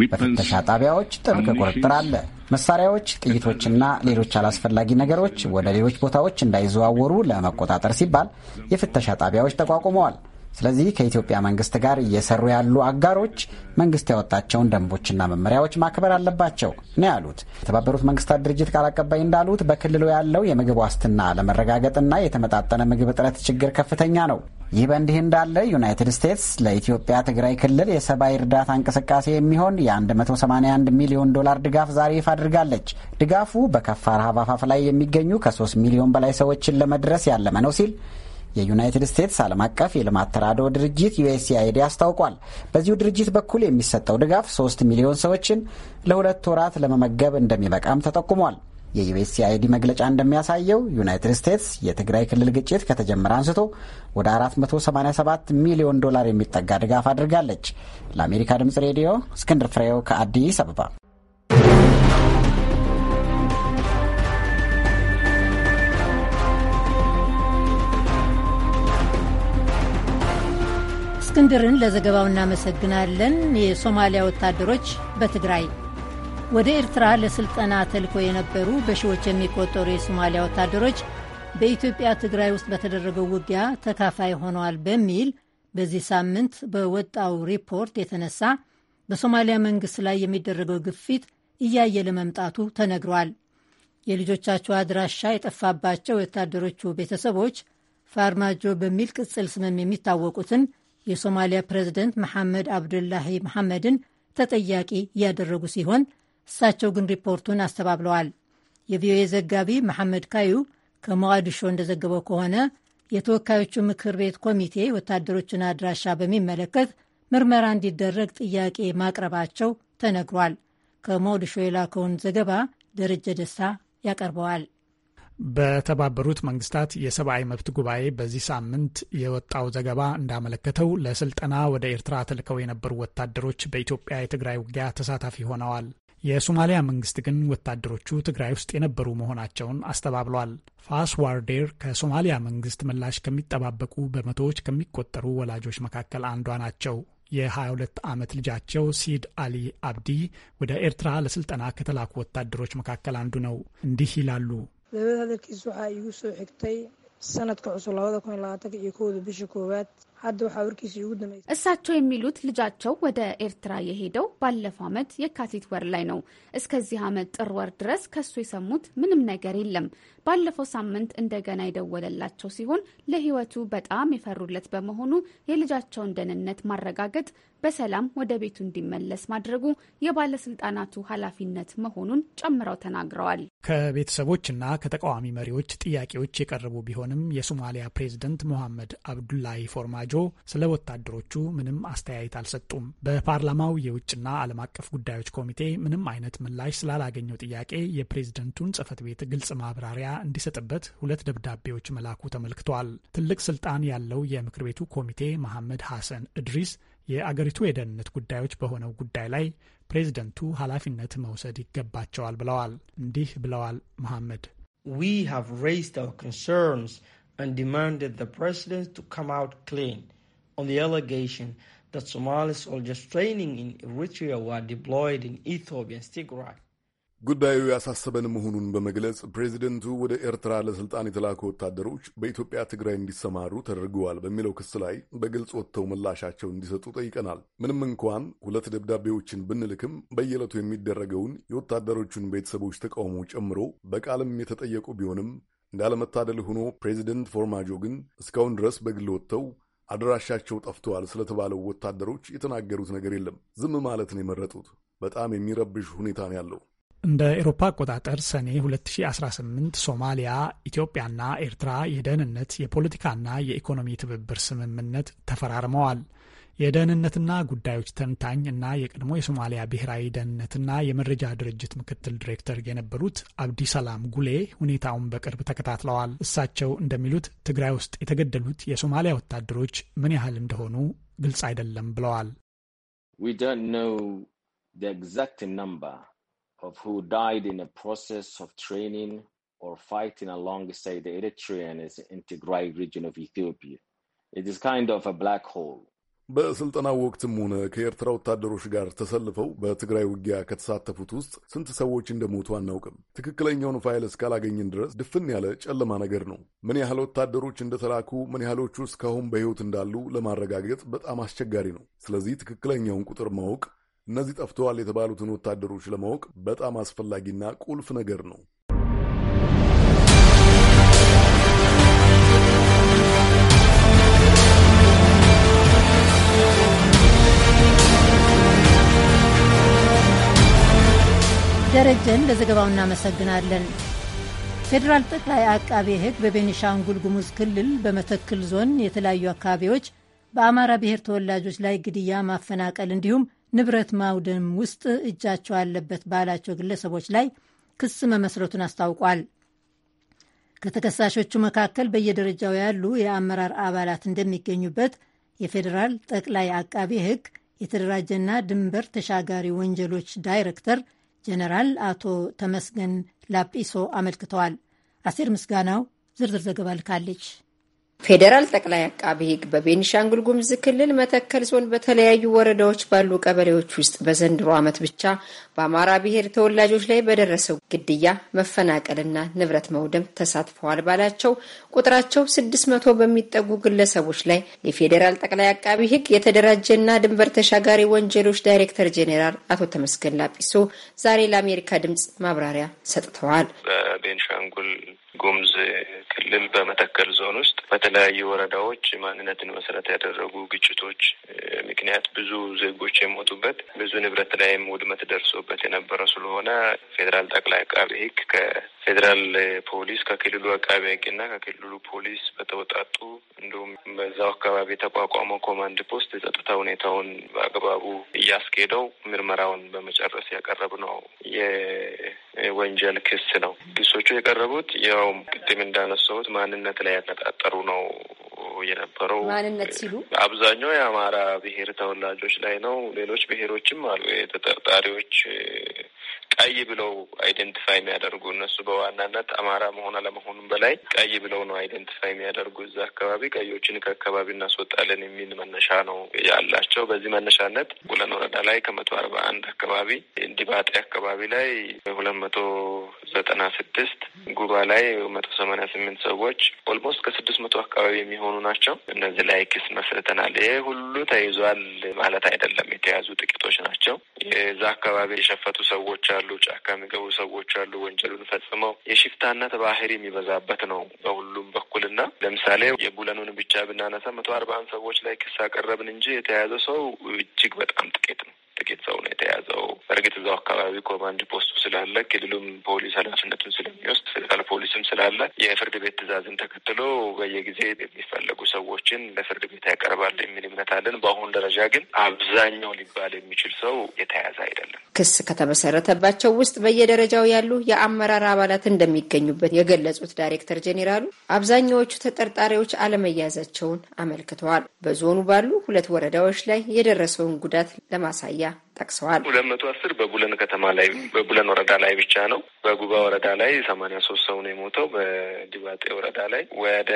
በፍተሻ ጣቢያዎች ጥብቅ ቁጥጥር አለ። መሳሪያዎች፣ ጥይቶችና ሌሎች አላስፈላጊ ነገሮች ወደ ሌሎች ቦታዎች እንዳይዘዋወሩ ለመቆጣጠር ሲባል የፍተሻ ጣቢያዎች ተቋቁመዋል። ስለዚህ ከኢትዮጵያ መንግስት ጋር እየሰሩ ያሉ አጋሮች መንግስት ያወጣቸውን ደንቦችና መመሪያዎች ማክበር አለባቸው ነው ያሉት። የተባበሩት መንግስታት ድርጅት ቃል አቀባይ እንዳሉት በክልሉ ያለው የምግብ ዋስትና አለመረጋገጥና የተመጣጠነ ምግብ እጥረት ችግር ከፍተኛ ነው። ይህ በእንዲህ እንዳለ ዩናይትድ ስቴትስ ለኢትዮጵያ ትግራይ ክልል የሰብአዊ እርዳታ እንቅስቃሴ የሚሆን የ181 ሚሊዮን ዶላር ድጋፍ ዛሬ ይፋ አድርጋለች። ድጋፉ በከፋ ረሃብ አፋፍ ላይ የሚገኙ ከ3 ሚሊዮን በላይ ሰዎችን ለመድረስ ያለመ ነው ሲል የዩናይትድ ስቴትስ ዓለም አቀፍ የልማት ተራድኦ ድርጅት ዩኤስኤአይዲ አስታውቋል። በዚሁ ድርጅት በኩል የሚሰጠው ድጋፍ ሶስት ሚሊዮን ሰዎችን ለሁለት ወራት ለመመገብ እንደሚበቃም ተጠቁሟል። የዩኤስኤአይዲ መግለጫ እንደሚያሳየው ዩናይትድ ስቴትስ የትግራይ ክልል ግጭት ከተጀመረ አንስቶ ወደ 487 ሚሊዮን ዶላር የሚጠጋ ድጋፍ አድርጋለች። ለአሜሪካ ድምፅ ሬዲዮ እስክንድር ፍሬው ከአዲስ አበባ እስክንድርን ለዘገባው እናመሰግናለን። የሶማሊያ ወታደሮች በትግራይ ወደ ኤርትራ ለስልጠና ተልኮ የነበሩ በሺዎች የሚቆጠሩ የሶማሊያ ወታደሮች በኢትዮጵያ ትግራይ ውስጥ በተደረገው ውጊያ ተካፋይ ሆነዋል በሚል በዚህ ሳምንት በወጣው ሪፖርት የተነሳ በሶማሊያ መንግስት ላይ የሚደረገው ግፊት እያየለ መምጣቱ ተነግሯል። የልጆቻቸው አድራሻ የጠፋባቸው የወታደሮቹ ቤተሰቦች ፋርማጆ በሚል ቅጽል ስምም የሚታወቁትን የሶማሊያ ፕሬዚደንት መሐመድ አብዱላሂ መሐመድን ተጠያቂ እያደረጉ ሲሆን እሳቸው ግን ሪፖርቱን አስተባብለዋል። የቪኦኤ ዘጋቢ መሐመድ ካዩ ከሞቃዲሾ እንደዘገበው ከሆነ የተወካዮቹ ምክር ቤት ኮሚቴ ወታደሮችን አድራሻ በሚመለከት ምርመራ እንዲደረግ ጥያቄ ማቅረባቸው ተነግሯል። ከሞቃዲሾ የላከውን ዘገባ ደረጀ ደስታ ያቀርበዋል። በተባበሩት መንግስታት የሰብአዊ መብት ጉባኤ በዚህ ሳምንት የወጣው ዘገባ እንዳመለከተው ለስልጠና ወደ ኤርትራ ተልከው የነበሩ ወታደሮች በኢትዮጵያ የትግራይ ውጊያ ተሳታፊ ሆነዋል። የሶማሊያ መንግስት ግን ወታደሮቹ ትግራይ ውስጥ የነበሩ መሆናቸውን አስተባብሏል። ፋስ ዋርዴር ከሶማሊያ መንግስት ምላሽ ከሚጠባበቁ በመቶዎች ከሚቆጠሩ ወላጆች መካከል አንዷ ናቸው። የ22 ዓመት ልጃቸው ሲድ አሊ አብዲ ወደ ኤርትራ ለስልጠና ከተላኩ ወታደሮች መካከል አንዱ ነው። እንዲህ ይላሉ። labada hadalkiis waxaa igu soo xigtay sanadka cusub labada kun iyo labaatan iyo kowda bisha koowaad እሳቸው የሚሉት ልጃቸው ወደ ኤርትራ የሄደው ባለፈው ዓመት የካቲት ወር ላይ ነው። እስከዚህ ዓመት ጥር ወር ድረስ ከሱ የሰሙት ምንም ነገር የለም። ባለፈው ሳምንት እንደገና የደወለላቸው ሲሆን ለሕይወቱ በጣም የፈሩለት በመሆኑ የልጃቸውን ደህንነት ማረጋገጥ፣ በሰላም ወደ ቤቱ እንዲመለስ ማድረጉ የባለስልጣናቱ ኃላፊነት መሆኑን ጨምረው ተናግረዋል። ከቤተሰቦችና ከተቃዋሚ መሪዎች ጥያቄዎች የቀረቡ ቢሆንም የሶማሊያ ፕሬዝደንት ሞሐመድ አብዱላሂ ፎርማጆ አውጆ ስለ ወታደሮቹ ምንም አስተያየት አልሰጡም። በፓርላማው የውጭና ዓለም አቀፍ ጉዳዮች ኮሚቴ ምንም አይነት ምላሽ ስላላገኘው ጥያቄ የፕሬዝደንቱን ጽህፈት ቤት ግልጽ ማብራሪያ እንዲሰጥበት ሁለት ደብዳቤዎች መላኩ ተመልክተዋል። ትልቅ ስልጣን ያለው የምክር ቤቱ ኮሚቴ መሐመድ ሐሰን እድሪስ የአገሪቱ የደህንነት ጉዳዮች በሆነው ጉዳይ ላይ ፕሬዝደንቱ ኃላፊነት መውሰድ ይገባቸዋል ብለዋል። እንዲህ ብለዋል መሐመድ We have raised our concerns and demanded the president to come out clean on the allegation that Somali soldiers training in Eritrea were deployed in Ethiopia and Tigray. ጉዳዩ ያሳሰበን መሆኑን በመግለጽ ፕሬዚደንቱ ወደ ኤርትራ ለስልጣን የተላኩ ወታደሮች በኢትዮጵያ ትግራይ እንዲሰማሩ ተደርገዋል በሚለው ክስ ላይ በግልጽ ወጥተው ምላሻቸው እንዲሰጡ ጠይቀናል። ምንም እንኳን ሁለት ደብዳቤዎችን ብንልክም በየዕለቱ የሚደረገውን የወታደሮቹን ቤተሰቦች ተቃውሞ ጨምሮ በቃልም የተጠየቁ ቢሆንም እንዳለመታደል ሆኖ ፕሬዚደንት ፎርማጆ ግን እስካሁን ድረስ በግል ወጥተው አድራሻቸው ጠፍተዋል ስለተባለው ወታደሮች የተናገሩት ነገር የለም። ዝም ማለትን የመረጡት በጣም የሚረብሽ ሁኔታ ነው ያለው። እንደ ኤሮፓ አቆጣጠር ሰኔ 2018 ሶማሊያ፣ ኢትዮጵያና ኤርትራ የደህንነት የፖለቲካና የኢኮኖሚ ትብብር ስምምነት ተፈራርመዋል። የደህንነትና ጉዳዮች ተንታኝ እና የቀድሞ የሶማሊያ ብሔራዊ ደህንነትና የመረጃ ድርጅት ምክትል ዲሬክተር የነበሩት አብዲ ሰላም ጉሌ ሁኔታውን በቅርብ ተከታትለዋል። እሳቸው እንደሚሉት ትግራይ ውስጥ የተገደሉት የሶማሊያ ወታደሮች ምን ያህል እንደሆኑ ግልጽ አይደለም ብለዋል። ኦፍ በስልጠናው ወቅትም ሆነ ከኤርትራ ወታደሮች ጋር ተሰልፈው በትግራይ ውጊያ ከተሳተፉት ውስጥ ስንት ሰዎች እንደሞቱ አናውቅም። ትክክለኛውን ፋይል እስካላገኝን ድረስ ድፍን ያለ ጨለማ ነገር ነው። ምን ያህል ወታደሮች እንደተላኩ፣ ምን ያህሎቹ እስካሁን በሕይወት እንዳሉ ለማረጋገጥ በጣም አስቸጋሪ ነው። ስለዚህ ትክክለኛውን ቁጥር ማወቅ እነዚህ ጠፍተዋል የተባሉትን ወታደሮች ለማወቅ በጣም አስፈላጊና ቁልፍ ነገር ነው። ደረጀን ለዘገባው እናመሰግናለን። ፌዴራል ጠቅላይ አቃቤ ሕግ በቤኒሻንጉል ጉሙዝ ክልል በመተክል ዞን የተለያዩ አካባቢዎች በአማራ ብሔር ተወላጆች ላይ ግድያ፣ ማፈናቀል እንዲሁም ንብረት ማውደም ውስጥ እጃቸው አለበት ባላቸው ግለሰቦች ላይ ክስ መመስረቱን አስታውቋል። ከተከሳሾቹ መካከል በየደረጃው ያሉ የአመራር አባላት እንደሚገኙበት የፌዴራል ጠቅላይ አቃቤ ሕግ የተደራጀና ድንበር ተሻጋሪ ወንጀሎች ዳይሬክተር ጀነራል አቶ ተመስገን ላጲሶ አመልክተዋል። አሴር ምስጋናው ዝርዝር ዘገባ ልካለች። ፌዴራል ጠቅላይ አቃቢ ሕግ በቤኒሻንጉል ጉምዝ ክልል መተከል ዞን በተለያዩ ወረዳዎች ባሉ ቀበሌዎች ውስጥ በዘንድሮ ዓመት ብቻ በአማራ ብሔር ተወላጆች ላይ በደረሰው ግድያ፣ መፈናቀልና ንብረት መውደም ተሳትፈዋል ባላቸው ቁጥራቸው ስድስት መቶ በሚጠጉ ግለሰቦች ላይ የፌዴራል ጠቅላይ አቃቢ ሕግ የተደራጀና ድንበር ተሻጋሪ ወንጀሎች ዳይሬክተር ጄኔራል አቶ ተመስገን ላጲሶ ዛሬ ለአሜሪካ ድምጽ ማብራሪያ ሰጥተዋል። በቤንሻንጉል ጉምዝ ክልል በመተከል ዞን ውስጥ በተለያዩ ወረዳዎች ማንነትን መሰረት ያደረጉ ግጭቶች ምክንያት ብዙ ዜጎች የሞቱበት ብዙ ንብረት ላይም ውድመት ደርሶ ሲሰሩበት የነበረ ስለሆነ ፌዴራል ጠቅላይ አቃቤ ሕግ ከፌዴራል ፖሊስ ከክልሉ አቃቤ ሕግና ከክልሉ ፖሊስ በተወጣጡ እንዲሁም በዛው አካባቢ የተቋቋመው ኮማንድ ፖስት የጸጥታ ሁኔታውን በአግባቡ እያስኬደው ምርመራውን በመጨረስ ያቀረብነው የወንጀል ክስ ነው። ክሶቹ የቀረቡት ያው ቅድም እንዳነሳሁት ማንነት ላይ ያነጣጠሩ ነው የነበረው ማንነት ሲሉ አብዛኛው የአማራ ብሔር ተወላጆች ላይ ነው። ሌሎች ብሔሮችም አሉ የተጠርጣሪዎች eh, ቀይ ብለው አይደንቲፋይ የሚያደርጉ እነሱ በዋናነት አማራ መሆን አለመሆኑም በላይ ቀይ ብለው ነው አይደንቲፋይ የሚያደርጉ እዛ አካባቢ ቀዮችን ከአካባቢ እናስወጣለን የሚል መነሻ ነው ያላቸው። በዚህ መነሻነት ጉለን ወረዳ ላይ ከመቶ አርባ አንድ አካባቢ እንዲባጤ አካባቢ ላይ ሁለት መቶ ዘጠና ስድስት ጉባ ላይ መቶ ሰማኒያ ስምንት ሰዎች ኦልሞስት ከስድስት መቶ አካባቢ የሚሆኑ ናቸው። እነዚህ ላይ ክስ መስርተናል። ይሄ ሁሉ ተይዟል ማለት አይደለም። የተያዙ ጥቂቶች ናቸው። የዛ አካባቢ የሸፈቱ ሰዎች አሉ። አሉ፣ ጫካ የሚገቡ ሰዎች አሉ። ወንጀሉን ፈጽመው የሽፍታነት ባህሪ የሚበዛበት ነው በሁሉም በኩልና ለምሳሌ የቡለኑን ብቻ ብናነሳ መቶ አርባን ሰዎች ላይ ክስ አቀረብን እንጂ የተያያዘ ሰው እጅግ በጣም ጥቂት ነው። ጥቂት ሰው ነው የተያዘው። እርግጥ እዛው አካባቢ ኮማንድ ፖስቱ ስላለ ክልሉም ፖሊስ ኃላፊነቱን ስለሚወስድ ፌደራል ፖሊስም ስላለ የፍርድ ቤት ትዕዛዝን ተከትሎ በየጊዜ የሚፈለጉ ሰዎችን ለፍርድ ቤት ያቀርባል የሚል እምነት አለን። በአሁኑ ደረጃ ግን አብዛኛው ሊባል የሚችል ሰው የተያዘ አይደለም። ክስ ከተመሰረተባቸው ውስጥ በየደረጃው ያሉ የአመራር አባላት እንደሚገኙበት የገለጹት ዳይሬክተር ጄኔራሉ አብዛኛዎቹ ተጠርጣሪዎች አለመያዛቸውን አመልክተዋል። በዞኑ ባሉ ሁለት ወረዳዎች ላይ የደረሰውን ጉዳት ለማሳያ ማሳያ ጠቅሰዋል። ሁለት መቶ አስር በቡለን ከተማ ላይ በቡለን ወረዳ ላይ ብቻ ነው። በጉባ ወረዳ ላይ ሰማንያ ሶስት ሰው ነው የሞተው። በዲባጤ ወረዳ ላይ ወደ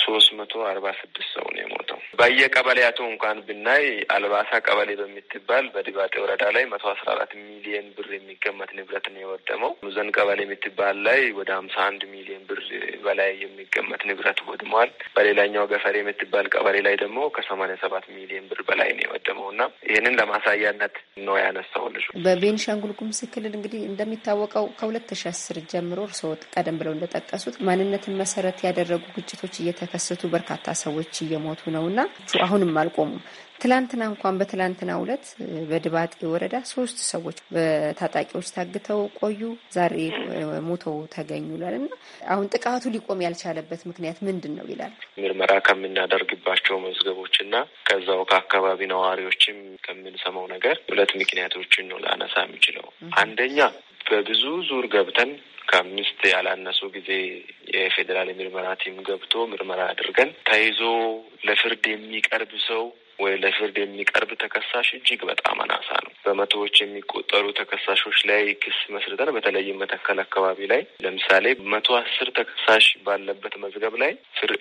ሶስት መቶ አርባ ስድስት ሰው ነው የሞተው። በየቀበሌያቱ እንኳን ብናይ አልባሳ ቀበሌ በምትባል በድባጤ ወረዳ ላይ መቶ አስራ አራት ሚሊየን ብር የሚገመት ንብረት ነው የወደመው። ሙዘን ቀበሌ የምትባል ላይ ወደ ሀምሳ አንድ ሚሊየን ብር በላይ የሚገመት ንብረት ወድመዋል። በሌላኛው ገፈሬ የምትባል ቀበሌ ላይ ደግሞ ከሰማኒያ ሰባት ሚሊየን ብር በላይ ነው የወደመው እና ይህንን ለማሳያነት ነው ያነሳው ልጁ። በቤንሻንጉል ጉሙዝ ክልል እንግዲህ እንደሚታወቀው ከሁለት ሺ አስር ጀምሮ እርስዎ ቀደም ብለው እንደጠቀሱት ማንነትን መሰረት ያደረጉ ግጭቶች እየተ የተከሰቱ በርካታ ሰዎች እየሞቱ ነውና አሁንም አልቆሙም። ትላንትና እንኳን በትላንትና ሁለት በድባጤ ወረዳ ሶስት ሰዎች በታጣቂዎች ታግተው ቆዩ፣ ዛሬ ሞተው ተገኙ ይላል እና አሁን ጥቃቱ ሊቆም ያልቻለበት ምክንያት ምንድን ነው ይላል። ምርመራ ከምናደርግባቸው መዝገቦች እና ከዛው ከአካባቢ ነዋሪዎችም ከምንሰማው ነገር ሁለት ምክንያቶችን ነው ላነሳ የሚችለው። አንደኛ በብዙ ዙር ገብተን ከአምስት ያላነሱ ጊዜ የፌዴራል የምርመራ ቲም ገብቶ ምርመራ አድርገን ተይዞ ለፍርድ የሚቀርብ ሰው ወይ ለፍርድ የሚቀርብ ተከሳሽ እጅግ በጣም አናሳ ነው። በመቶዎች የሚቆጠሩ ተከሳሾች ላይ ክስ መስርተን በተለይም መተከል አካባቢ ላይ ለምሳሌ መቶ አስር ተከሳሽ ባለበት መዝገብ ላይ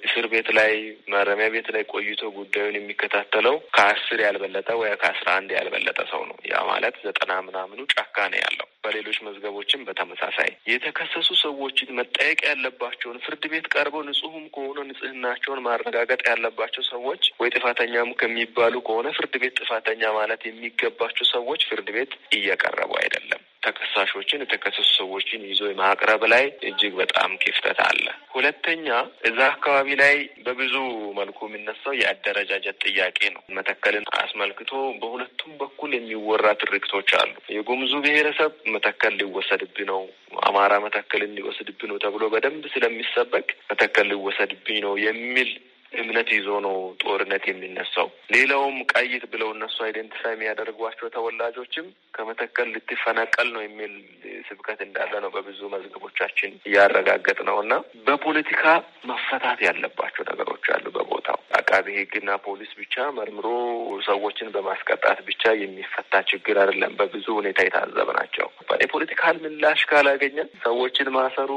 እስር ቤት ላይ ማረሚያ ቤት ላይ ቆይቶ ጉዳዩን የሚከታተለው ከአስር ያልበለጠ ወይ ከአስራ አንድ ያልበለጠ ሰው ነው። ያ ማለት ዘጠና ምናምኑ ጫካ ነው ያለው። በሌሎች መዝገቦችም በተመሳሳይ የተከሰሱ ሰዎችን መጠየቅ ያለባቸውን ፍርድ ቤት ቀርበው ንጹህም ከሆነ ንጽህናቸውን ማረጋገጥ ያለባቸው ሰዎች ወይ ጥፋተኛም ከሚ የሚባሉ ከሆነ ፍርድ ቤት ጥፋተኛ ማለት የሚገባቸው ሰዎች ፍርድ ቤት እየቀረቡ አይደለም። ተከሳሾችን የተከሰሱ ሰዎችን ይዞ የማቅረብ ላይ እጅግ በጣም ክፍተት አለ። ሁለተኛ እዛ አካባቢ ላይ በብዙ መልኩ የሚነሳው የአደረጃጀት ጥያቄ ነው። መተከልን አስመልክቶ በሁለቱም በኩል የሚወራ ትርክቶች አሉ። የጉሙዙ ብሔረሰብ መተከል ሊወሰድብ ነው፣ አማራ መተከልን ሊወስድብኝ ነው ተብሎ በደንብ ስለሚሰበክ መተከል ሊወሰድብኝ ነው የሚል እምነት ይዞ ነው ጦርነት የሚነሳው። ሌላውም ቀይት ብለው እነሱ አይደንቲፋይ የሚያደርጓቸው ተወላጆችም ከመተከል ልትፈናቀል ነው የሚል ስብከት እንዳለ ነው በብዙ መዝገቦቻችን እያረጋገጥ ነው እና በፖለቲካ መፈታት ያለባቸው ነገሮች አሉ በቦ ቦታው አቃቤ ሕግና ፖሊስ ብቻ መርምሮ ሰዎችን በማስቀጣት ብቻ የሚፈታ ችግር አይደለም። በብዙ ሁኔታ የታዘብ ናቸው። የፖለቲካል ምላሽ ካላገኘን ሰዎችን ማሰሩ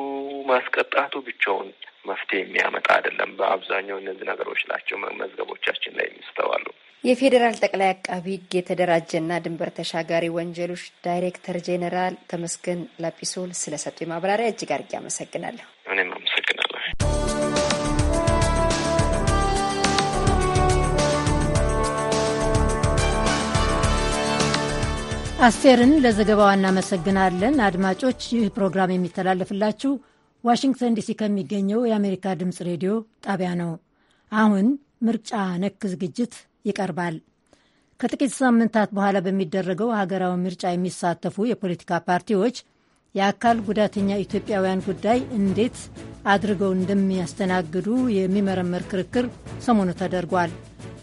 ማስቀጣቱ ብቻውን መፍትሄ የሚያመጣ አይደለም። በአብዛኛው እነዚህ ነገሮች ናቸው መዝገቦቻችን ላይ የሚስተዋሉ። የፌዴራል ጠቅላይ አቃቢ ህግ የተደራጀና ድንበር ተሻጋሪ ወንጀሎች ዳይሬክተር ጄኔራል ተመስገን ላጲሶል ስለሰጡ የማብራሪያ እጅግ አድርጌ አመሰግናለሁ። እኔም አመሰግናለሁ። አስቴርን ለዘገባዋ እናመሰግናለን። አድማጮች፣ ይህ ፕሮግራም የሚተላለፍላችሁ ዋሽንግተን ዲሲ ከሚገኘው የአሜሪካ ድምፅ ሬዲዮ ጣቢያ ነው። አሁን ምርጫ ነክ ዝግጅት ይቀርባል። ከጥቂት ሳምንታት በኋላ በሚደረገው ሀገራዊ ምርጫ የሚሳተፉ የፖለቲካ ፓርቲዎች የአካል ጉዳተኛ ኢትዮጵያውያን ጉዳይ እንዴት አድርገው እንደሚያስተናግዱ የሚመረመር ክርክር ሰሞኑ ተደርጓል።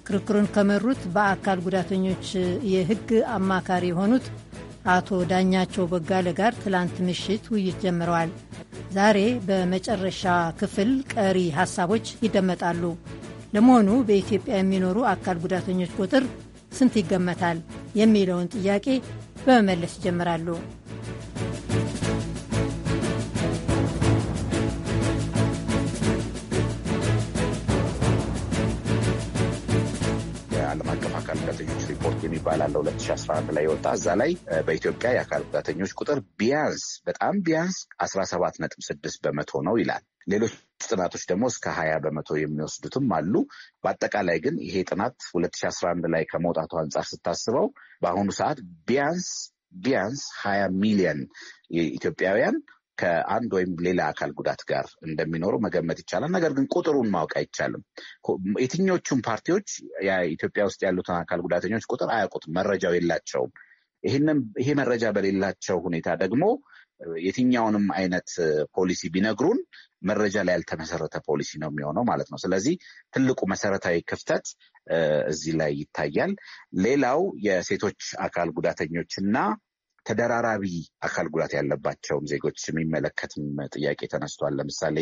ክርክሩን ከመሩት በአካል ጉዳተኞች የሕግ አማካሪ የሆኑት አቶ ዳኛቸው በጋለ ጋር ትላንት ምሽት ውይይት ጀምረዋል። ዛሬ በመጨረሻ ክፍል ቀሪ ሀሳቦች ይደመጣሉ። ለመሆኑ በኢትዮጵያ የሚኖሩ አካል ጉዳተኞች ቁጥር ስንት ይገመታል? የሚለውን ጥያቄ በመመለስ ይጀምራሉ። አለ 2011 ላይ የወጣ እዛ ላይ በኢትዮጵያ የአካል ጉዳተኞች ቁጥር ቢያንስ በጣም ቢያንስ 17 6 በመቶ ነው ይላል። ሌሎች ጥናቶች ደግሞ እስከ ሀያ በመቶ የሚወስዱትም አሉ። በአጠቃላይ ግን ይሄ ጥናት 2011 ላይ ከመውጣቱ አንጻር ስታስበው በአሁኑ ሰዓት ቢያንስ ቢያንስ ሀያ ሚሊየን ኢትዮጵያውያን ከአንድ ወይም ሌላ አካል ጉዳት ጋር እንደሚኖሩ መገመት ይቻላል። ነገር ግን ቁጥሩን ማወቅ አይቻልም። የትኞቹም ፓርቲዎች ኢትዮጵያ ውስጥ ያሉትን አካል ጉዳተኞች ቁጥር አያውቁትም፣ መረጃው የላቸውም። ይህንም ይሄ መረጃ በሌላቸው ሁኔታ ደግሞ የትኛውንም አይነት ፖሊሲ ቢነግሩን መረጃ ላይ ያልተመሰረተ ፖሊሲ ነው የሚሆነው ማለት ነው። ስለዚህ ትልቁ መሰረታዊ ክፍተት እዚህ ላይ ይታያል። ሌላው የሴቶች አካል ጉዳተኞችና ተደራራቢ አካል ጉዳት ያለባቸውም ዜጎች የሚመለከትም ጥያቄ ተነስቷል። ለምሳሌ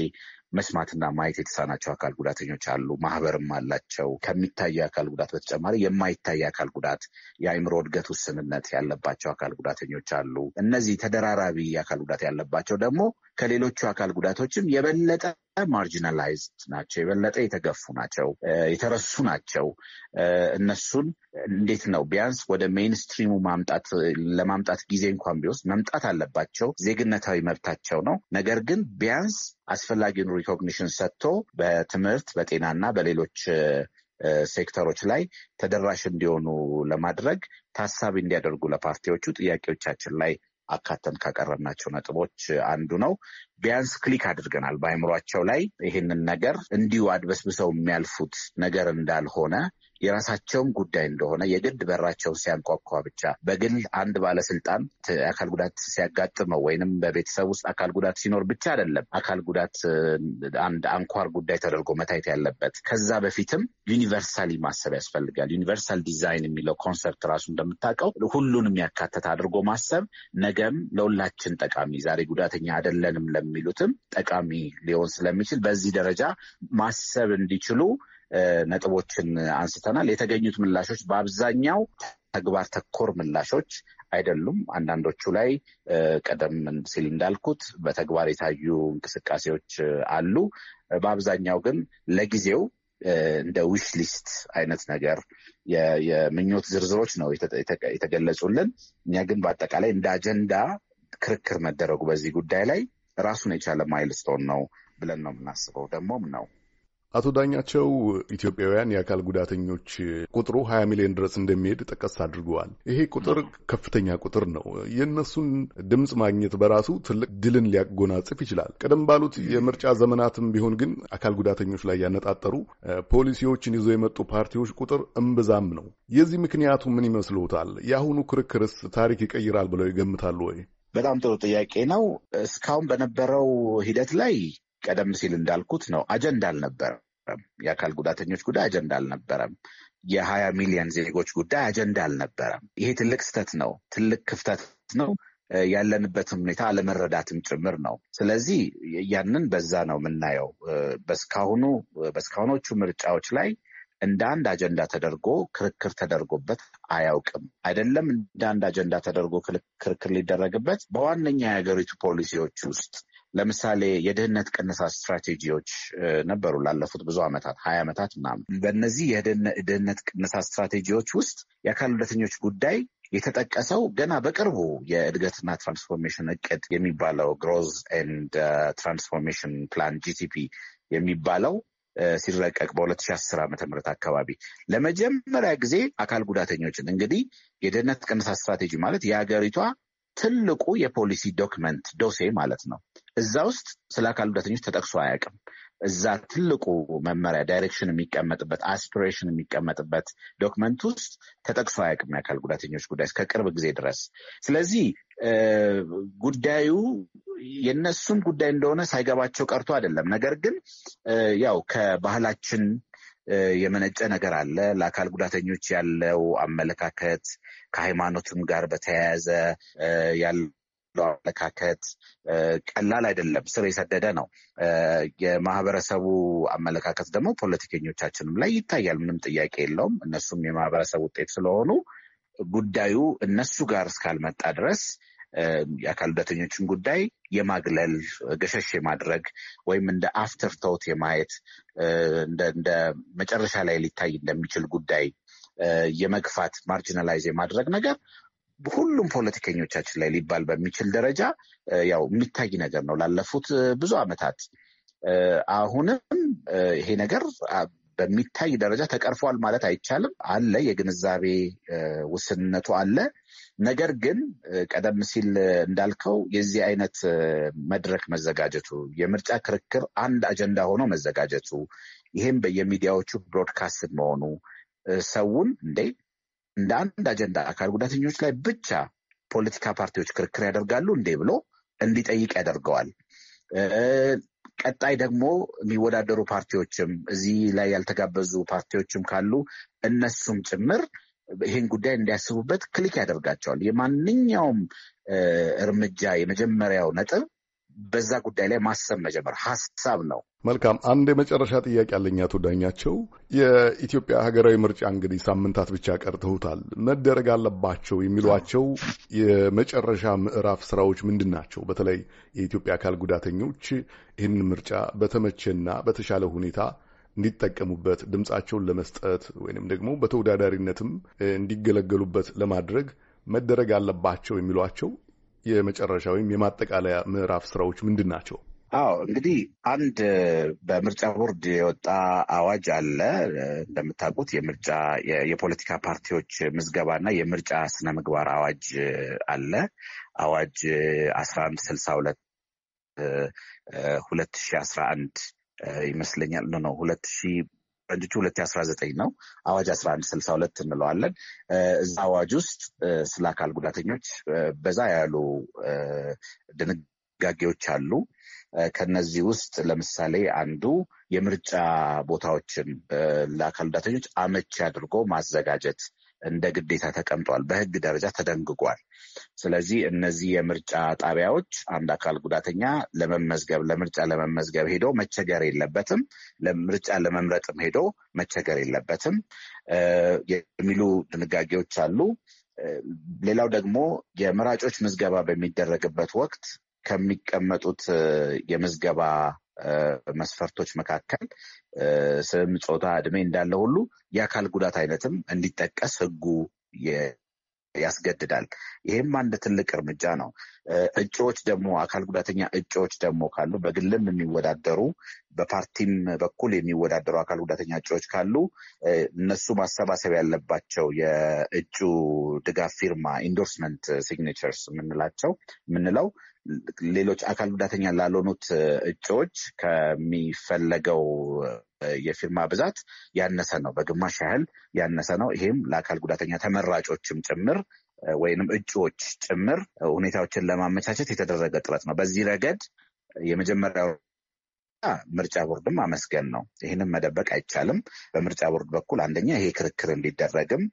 መስማትና ማየት የተሳናቸው አካል ጉዳተኞች አሉ። ማህበርም አላቸው። ከሚታየው አካል ጉዳት በተጨማሪ የማይታይ አካል ጉዳት፣ የአይምሮ እድገት ውስንነት ያለባቸው አካል ጉዳተኞች አሉ። እነዚህ ተደራራቢ አካል ጉዳት ያለባቸው ደግሞ ከሌሎቹ አካል ጉዳቶችም የበለጠ ማርጂናላይዝድ ናቸው፣ የበለጠ የተገፉ ናቸው፣ የተረሱ ናቸው። እነሱን እንዴት ነው ቢያንስ ወደ ሜይንስትሪሙ ማምጣት ለማምጣት ጊዜ እንኳን ቢወስድ መምጣት አለባቸው። ዜግነታዊ መብታቸው ነው። ነገር ግን ቢያንስ አስፈላጊውን ሪኮግኒሽን ሰጥቶ በትምህርት በጤናና በሌሎች ሴክተሮች ላይ ተደራሽ እንዲሆኑ ለማድረግ ታሳቢ እንዲያደርጉ ለፓርቲዎቹ ጥያቄዎቻችን ላይ አካተን ካቀረብናቸው ነጥቦች አንዱ ነው። ቢያንስ ክሊክ አድርገናል በአይምሯቸው ላይ ይህንን ነገር እንዲሁ አድበስብሰው የሚያልፉት ነገር እንዳልሆነ የራሳቸውን ጉዳይ እንደሆነ የግድ በራቸውን ሲያንኳኳ ብቻ በግል አንድ ባለስልጣን አካል ጉዳት ሲያጋጥመው ወይንም በቤተሰብ ውስጥ አካል ጉዳት ሲኖር ብቻ አይደለም አካል ጉዳት አንድ አንኳር ጉዳይ ተደርጎ መታየት ያለበት። ከዛ በፊትም ዩኒቨርሳሊ ማሰብ ያስፈልጋል። ዩኒቨርሳል ዲዛይን የሚለው ኮንሰርት ራሱ እንደምታውቀው ሁሉንም ያካተት አድርጎ ማሰብ ነገም ለሁላችን ጠቃሚ፣ ዛሬ ጉዳተኛ አይደለንም ለሚሉትም ጠቃሚ ሊሆን ስለሚችል በዚህ ደረጃ ማሰብ እንዲችሉ ነጥቦችን አንስተናል። የተገኙት ምላሾች በአብዛኛው ተግባር ተኮር ምላሾች አይደሉም። አንዳንዶቹ ላይ ቀደም ሲል እንዳልኩት በተግባር የታዩ እንቅስቃሴዎች አሉ። በአብዛኛው ግን ለጊዜው እንደ ዊሽ ሊስት አይነት ነገር የምኞት ዝርዝሮች ነው የተገለጹልን። እኛ ግን በአጠቃላይ እንደ አጀንዳ ክርክር መደረጉ በዚህ ጉዳይ ላይ ራሱን የቻለ ማይልስቶን ነው ብለን ነው የምናስበው ደግሞም ነው። አቶ ዳኛቸው ኢትዮጵያውያን የአካል ጉዳተኞች ቁጥሩ ሀያ ሚሊዮን ድረስ እንደሚሄድ ጠቀስ አድርገዋል። ይሄ ቁጥር ከፍተኛ ቁጥር ነው። የእነሱን ድምፅ ማግኘት በራሱ ትልቅ ድልን ሊያጎናጽፍ ይችላል። ቀደም ባሉት የምርጫ ዘመናትም ቢሆን ግን አካል ጉዳተኞች ላይ ያነጣጠሩ ፖሊሲዎችን ይዞ የመጡ ፓርቲዎች ቁጥር እምብዛም ነው። የዚህ ምክንያቱ ምን ይመስልዎታል? የአሁኑ ክርክርስ ታሪክ ይቀይራል ብለው ይገምታሉ ወይ? በጣም ጥሩ ጥያቄ ነው። እስካሁን በነበረው ሂደት ላይ ቀደም ሲል እንዳልኩት ነው አጀንዳ አልነበረም። የአካል ጉዳተኞች ጉዳይ አጀንዳ አልነበረም። የሀያ ሚሊዮን ዜጎች ጉዳይ አጀንዳ አልነበረም። ይሄ ትልቅ ስህተት ነው፣ ትልቅ ክፍተት ነው። ያለንበትም ሁኔታ አለመረዳትም ጭምር ነው። ስለዚህ ያንን በዛ ነው የምናየው። በስካሁኑ በስካሁኖቹ ምርጫዎች ላይ እንደ አንድ አጀንዳ ተደርጎ ክርክር ተደርጎበት አያውቅም። አይደለም እንደ አንድ አጀንዳ ተደርጎ ክርክር ሊደረግበት በዋነኛ የሀገሪቱ ፖሊሲዎች ውስጥ ለምሳሌ የድህነት ቅነሳ ስትራቴጂዎች ነበሩ ላለፉት ብዙ ዓመታት ሀያ ዓመታት ምናምን። በእነዚህ የድህነት ቅነሳ ስትራቴጂዎች ውስጥ የአካል ጉዳተኞች ጉዳይ የተጠቀሰው ገና በቅርቡ የእድገትና ትራንስፎርሜሽን እቅድ የሚባለው ግሮዝ ኤንድ ትራንስፎርሜሽን ፕላን ጂቲፒ የሚባለው ሲረቀቅ በ2010 ዓ ም አካባቢ ለመጀመሪያ ጊዜ አካል ጉዳተኞችን እንግዲህ የደህነት ቅነሳ ስትራቴጂ ማለት የሀገሪቷ ትልቁ የፖሊሲ ዶክመንት ዶሴ ማለት ነው። እዛ ውስጥ ስለ አካል ጉዳተኞች ተጠቅሶ አያውቅም። እዛ ትልቁ መመሪያ ዳይሬክሽን የሚቀመጥበት አስፒሬሽን የሚቀመጥበት ዶክመንት ውስጥ ተጠቅሶ አያውቅም የአካል ጉዳተኞች ጉዳይ እስከ ቅርብ ጊዜ ድረስ። ስለዚህ ጉዳዩ የእነሱም ጉዳይ እንደሆነ ሳይገባቸው ቀርቶ አይደለም። ነገር ግን ያው ከባህላችን የመነጨ ነገር አለ። ለአካል ጉዳተኞች ያለው አመለካከት ከሃይማኖትም ጋር በተያያዘ ያለው አመለካከት ቀላል አይደለም፣ ስር የሰደደ ነው። የማህበረሰቡ አመለካከት ደግሞ ፖለቲከኞቻችንም ላይ ይታያል፣ ምንም ጥያቄ የለውም። እነሱም የማህበረሰብ ውጤት ስለሆኑ ጉዳዩ እነሱ ጋር እስካልመጣ ድረስ የአካል ጉዳተኞችን ጉዳይ የማግለል ገሸሽ የማድረግ ወይም እንደ አፍተር ቶት የማየት እንደ መጨረሻ ላይ ሊታይ እንደሚችል ጉዳይ የመግፋት ማርጂናላይዝ የማድረግ ነገር ሁሉም ፖለቲከኞቻችን ላይ ሊባል በሚችል ደረጃ ያው የሚታይ ነገር ነው ላለፉት ብዙ ዓመታት። አሁንም ይሄ ነገር በሚታይ ደረጃ ተቀርፏል ማለት አይቻልም። አለ የግንዛቤ ውስንነቱ አለ። ነገር ግን ቀደም ሲል እንዳልከው የዚህ አይነት መድረክ መዘጋጀቱ የምርጫ ክርክር አንድ አጀንዳ ሆኖ መዘጋጀቱ፣ ይህም በየሚዲያዎቹ ብሮድካስት መሆኑ ሰውን እንዴ እንደ አንድ አጀንዳ አካል ጉዳተኞች ላይ ብቻ ፖለቲካ ፓርቲዎች ክርክር ያደርጋሉ እንዴ ብሎ እንዲጠይቅ ያደርገዋል። ቀጣይ ደግሞ የሚወዳደሩ ፓርቲዎችም እዚህ ላይ ያልተጋበዙ ፓርቲዎችም ካሉ እነሱም ጭምር ይህን ጉዳይ እንዲያስቡበት ክሊክ ያደርጋቸዋል። የማንኛውም እርምጃ የመጀመሪያው ነጥብ በዛ ጉዳይ ላይ ማሰብ መጀመር ሀሳብ ነው። መልካም። አንድ የመጨረሻ ጥያቄ አለኝ። አቶ ዳኛቸው፣ የኢትዮጵያ ሀገራዊ ምርጫ እንግዲህ ሳምንታት ብቻ ቀርተውታል። መደረግ አለባቸው የሚሏቸው የመጨረሻ ምዕራፍ ስራዎች ምንድን ናቸው? በተለይ የኢትዮጵያ አካል ጉዳተኞች ይህንን ምርጫ በተመቸና በተሻለ ሁኔታ እንዲጠቀሙበት ድምፃቸውን ለመስጠት ወይንም ደግሞ በተወዳዳሪነትም እንዲገለገሉበት ለማድረግ መደረግ አለባቸው የሚሏቸው የመጨረሻ ወይም የማጠቃለያ ምዕራፍ ስራዎች ምንድን ናቸው? አዎ እንግዲህ አንድ በምርጫ ቦርድ የወጣ አዋጅ አለ። እንደምታውቁት የምርጫ የፖለቲካ ፓርቲዎች ምዝገባና የምርጫ ስነ ምግባር አዋጅ አለ። አዋጅ አስራ አንድ ስልሳ ሁለት ሁለት ሺ አስራ አንድ ይመስለኛል ነው ሁለት ሺ ፈረንጆቹ 2019 ነው። አዋጅ 1162 እንለዋለን። እዛ አዋጅ ውስጥ ስለ አካል ጉዳተኞች በዛ ያሉ ድንጋጌዎች አሉ። ከነዚህ ውስጥ ለምሳሌ አንዱ የምርጫ ቦታዎችን ለአካል ጉዳተኞች አመቺ አድርጎ ማዘጋጀት እንደ ግዴታ ተቀምጧል። በህግ ደረጃ ተደንግጓል። ስለዚህ እነዚህ የምርጫ ጣቢያዎች አንድ አካል ጉዳተኛ ለመመዝገብ ለምርጫ ለመመዝገብ ሄዶ መቸገር የለበትም፣ ለምርጫ ለመምረጥም ሄዶ መቸገር የለበትም የሚሉ ድንጋጌዎች አሉ። ሌላው ደግሞ የመራጮች ምዝገባ በሚደረግበት ወቅት ከሚቀመጡት የምዝገባ መስፈርቶች መካከል ስም፣ ጾታ፣ እድሜ እንዳለ ሁሉ የአካል ጉዳት አይነትም እንዲጠቀስ ህጉ ያስገድዳል። ይህም አንድ ትልቅ እርምጃ ነው። እጩዎች ደግሞ አካል ጉዳተኛ እጩዎች ደግሞ ካሉ በግልም የሚወዳደሩ በፓርቲም በኩል የሚወዳደሩ አካል ጉዳተኛ እጩዎች ካሉ እነሱ ማሰባሰብ ያለባቸው የእጩ ድጋፍ ፊርማ ኢንዶርስመንት ሲግኔቸርስ የምንላቸው የምንለው ሌሎች አካል ጉዳተኛ ላልሆኑት እጩዎች ከሚፈለገው የፊርማ ብዛት ያነሰ ነው፣ በግማሽ ያህል ያነሰ ነው። ይሄም ለአካል ጉዳተኛ ተመራጮችም ጭምር ወይንም እጩዎች ጭምር ሁኔታዎችን ለማመቻቸት የተደረገ ጥረት ነው። በዚህ ረገድ የመጀመሪያው ምርጫ ቦርድም አመስገን ነው። ይህንም መደበቅ አይቻልም። በምርጫ ቦርድ በኩል አንደኛ ይሄ ክርክር እንዲደረግም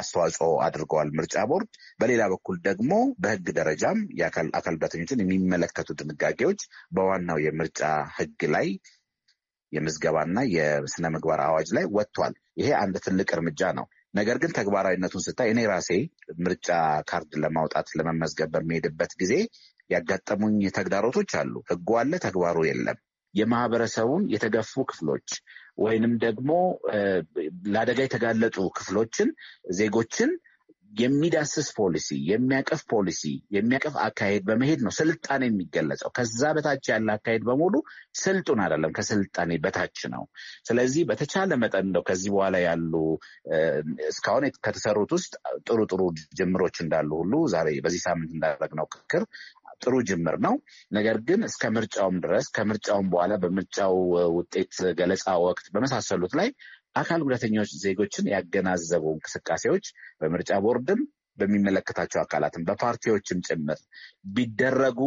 አስተዋጽኦ አድርገዋል ምርጫ ቦርድ። በሌላ በኩል ደግሞ በህግ ደረጃም የአካል ጉዳተኞችን የሚመለከቱ ድንጋጌዎች በዋናው የምርጫ ህግ ላይ የምዝገባና የስነ ምግባር አዋጅ ላይ ወጥቷል። ይሄ አንድ ትልቅ እርምጃ ነው። ነገር ግን ተግባራዊነቱን ስታይ እኔ ራሴ ምርጫ ካርድ ለማውጣት ለመመዝገብ በሚሄድበት ጊዜ ያጋጠሙኝ ተግዳሮቶች አሉ። ህጉ አለ፣ ተግባሩ የለም። የማህበረሰቡን የተገፉ ክፍሎች ወይንም ደግሞ ለአደጋ የተጋለጡ ክፍሎችን ዜጎችን የሚዳስስ ፖሊሲ የሚያቀፍ ፖሊሲ የሚያቀፍ አካሄድ በመሄድ ነው ስልጣኔ የሚገለጸው። ከዛ በታች ያለ አካሄድ በሙሉ ስልጡን አይደለም፣ ከስልጣኔ በታች ነው። ስለዚህ በተቻለ መጠን ነው ከዚህ በኋላ ያሉ እስካሁን ከተሰሩት ውስጥ ጥሩ ጥሩ ጅምሮች እንዳሉ ሁሉ ዛሬ በዚህ ሳምንት እንዳደረግነው ክክር። ጥሩ ጅምር ነው። ነገር ግን እስከ ምርጫውም ድረስ ከምርጫውም በኋላ በምርጫው ውጤት ገለጻ ወቅት በመሳሰሉት ላይ አካል ጉዳተኞች ዜጎችን ያገናዘቡ እንቅስቃሴዎች በምርጫ ቦርድም በሚመለከታቸው አካላትም በፓርቲዎችም ጭምር ቢደረጉ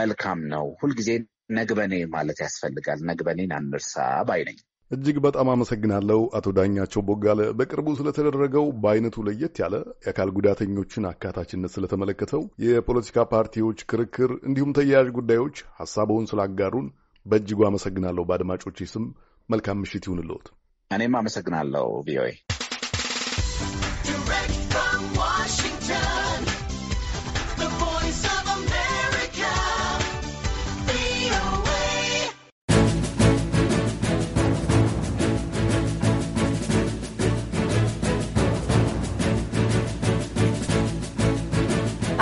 መልካም ነው። ሁልጊዜ ነግበኔ ማለት ያስፈልጋል። ነግበኔን አንርሳ ባይ ነኝ። እጅግ በጣም አመሰግናለሁ አቶ ዳኛቸው ቦጋለ። በቅርቡ ስለተደረገው በአይነቱ ለየት ያለ የአካል ጉዳተኞችን አካታችነት ስለተመለከተው የፖለቲካ ፓርቲዎች ክርክር፣ እንዲሁም ተያያዥ ጉዳዮች ሀሳበውን ስላጋሩን በእጅጉ አመሰግናለሁ። በአድማጮች ስም መልካም ምሽት ይሁንልዎት። እኔም አመሰግናለሁ ቪኦኤ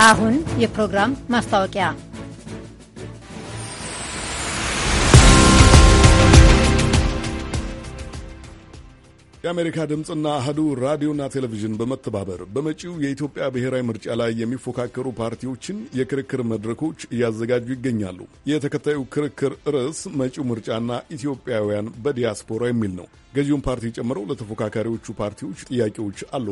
አሁን የፕሮግራም ማስታወቂያ። የአሜሪካ ድምፅና አህዱ ራዲዮና ቴሌቪዥን በመተባበር በመጪው የኢትዮጵያ ብሔራዊ ምርጫ ላይ የሚፎካከሩ ፓርቲዎችን የክርክር መድረኮች እያዘጋጁ ይገኛሉ። የተከታዩ ክርክር ርዕስ መጪው ምርጫና ኢትዮጵያውያን በዲያስፖራ የሚል ነው። ገዢውን ፓርቲ ጨምሮ ለተፎካካሪዎቹ ፓርቲዎች ጥያቄዎች አሉ።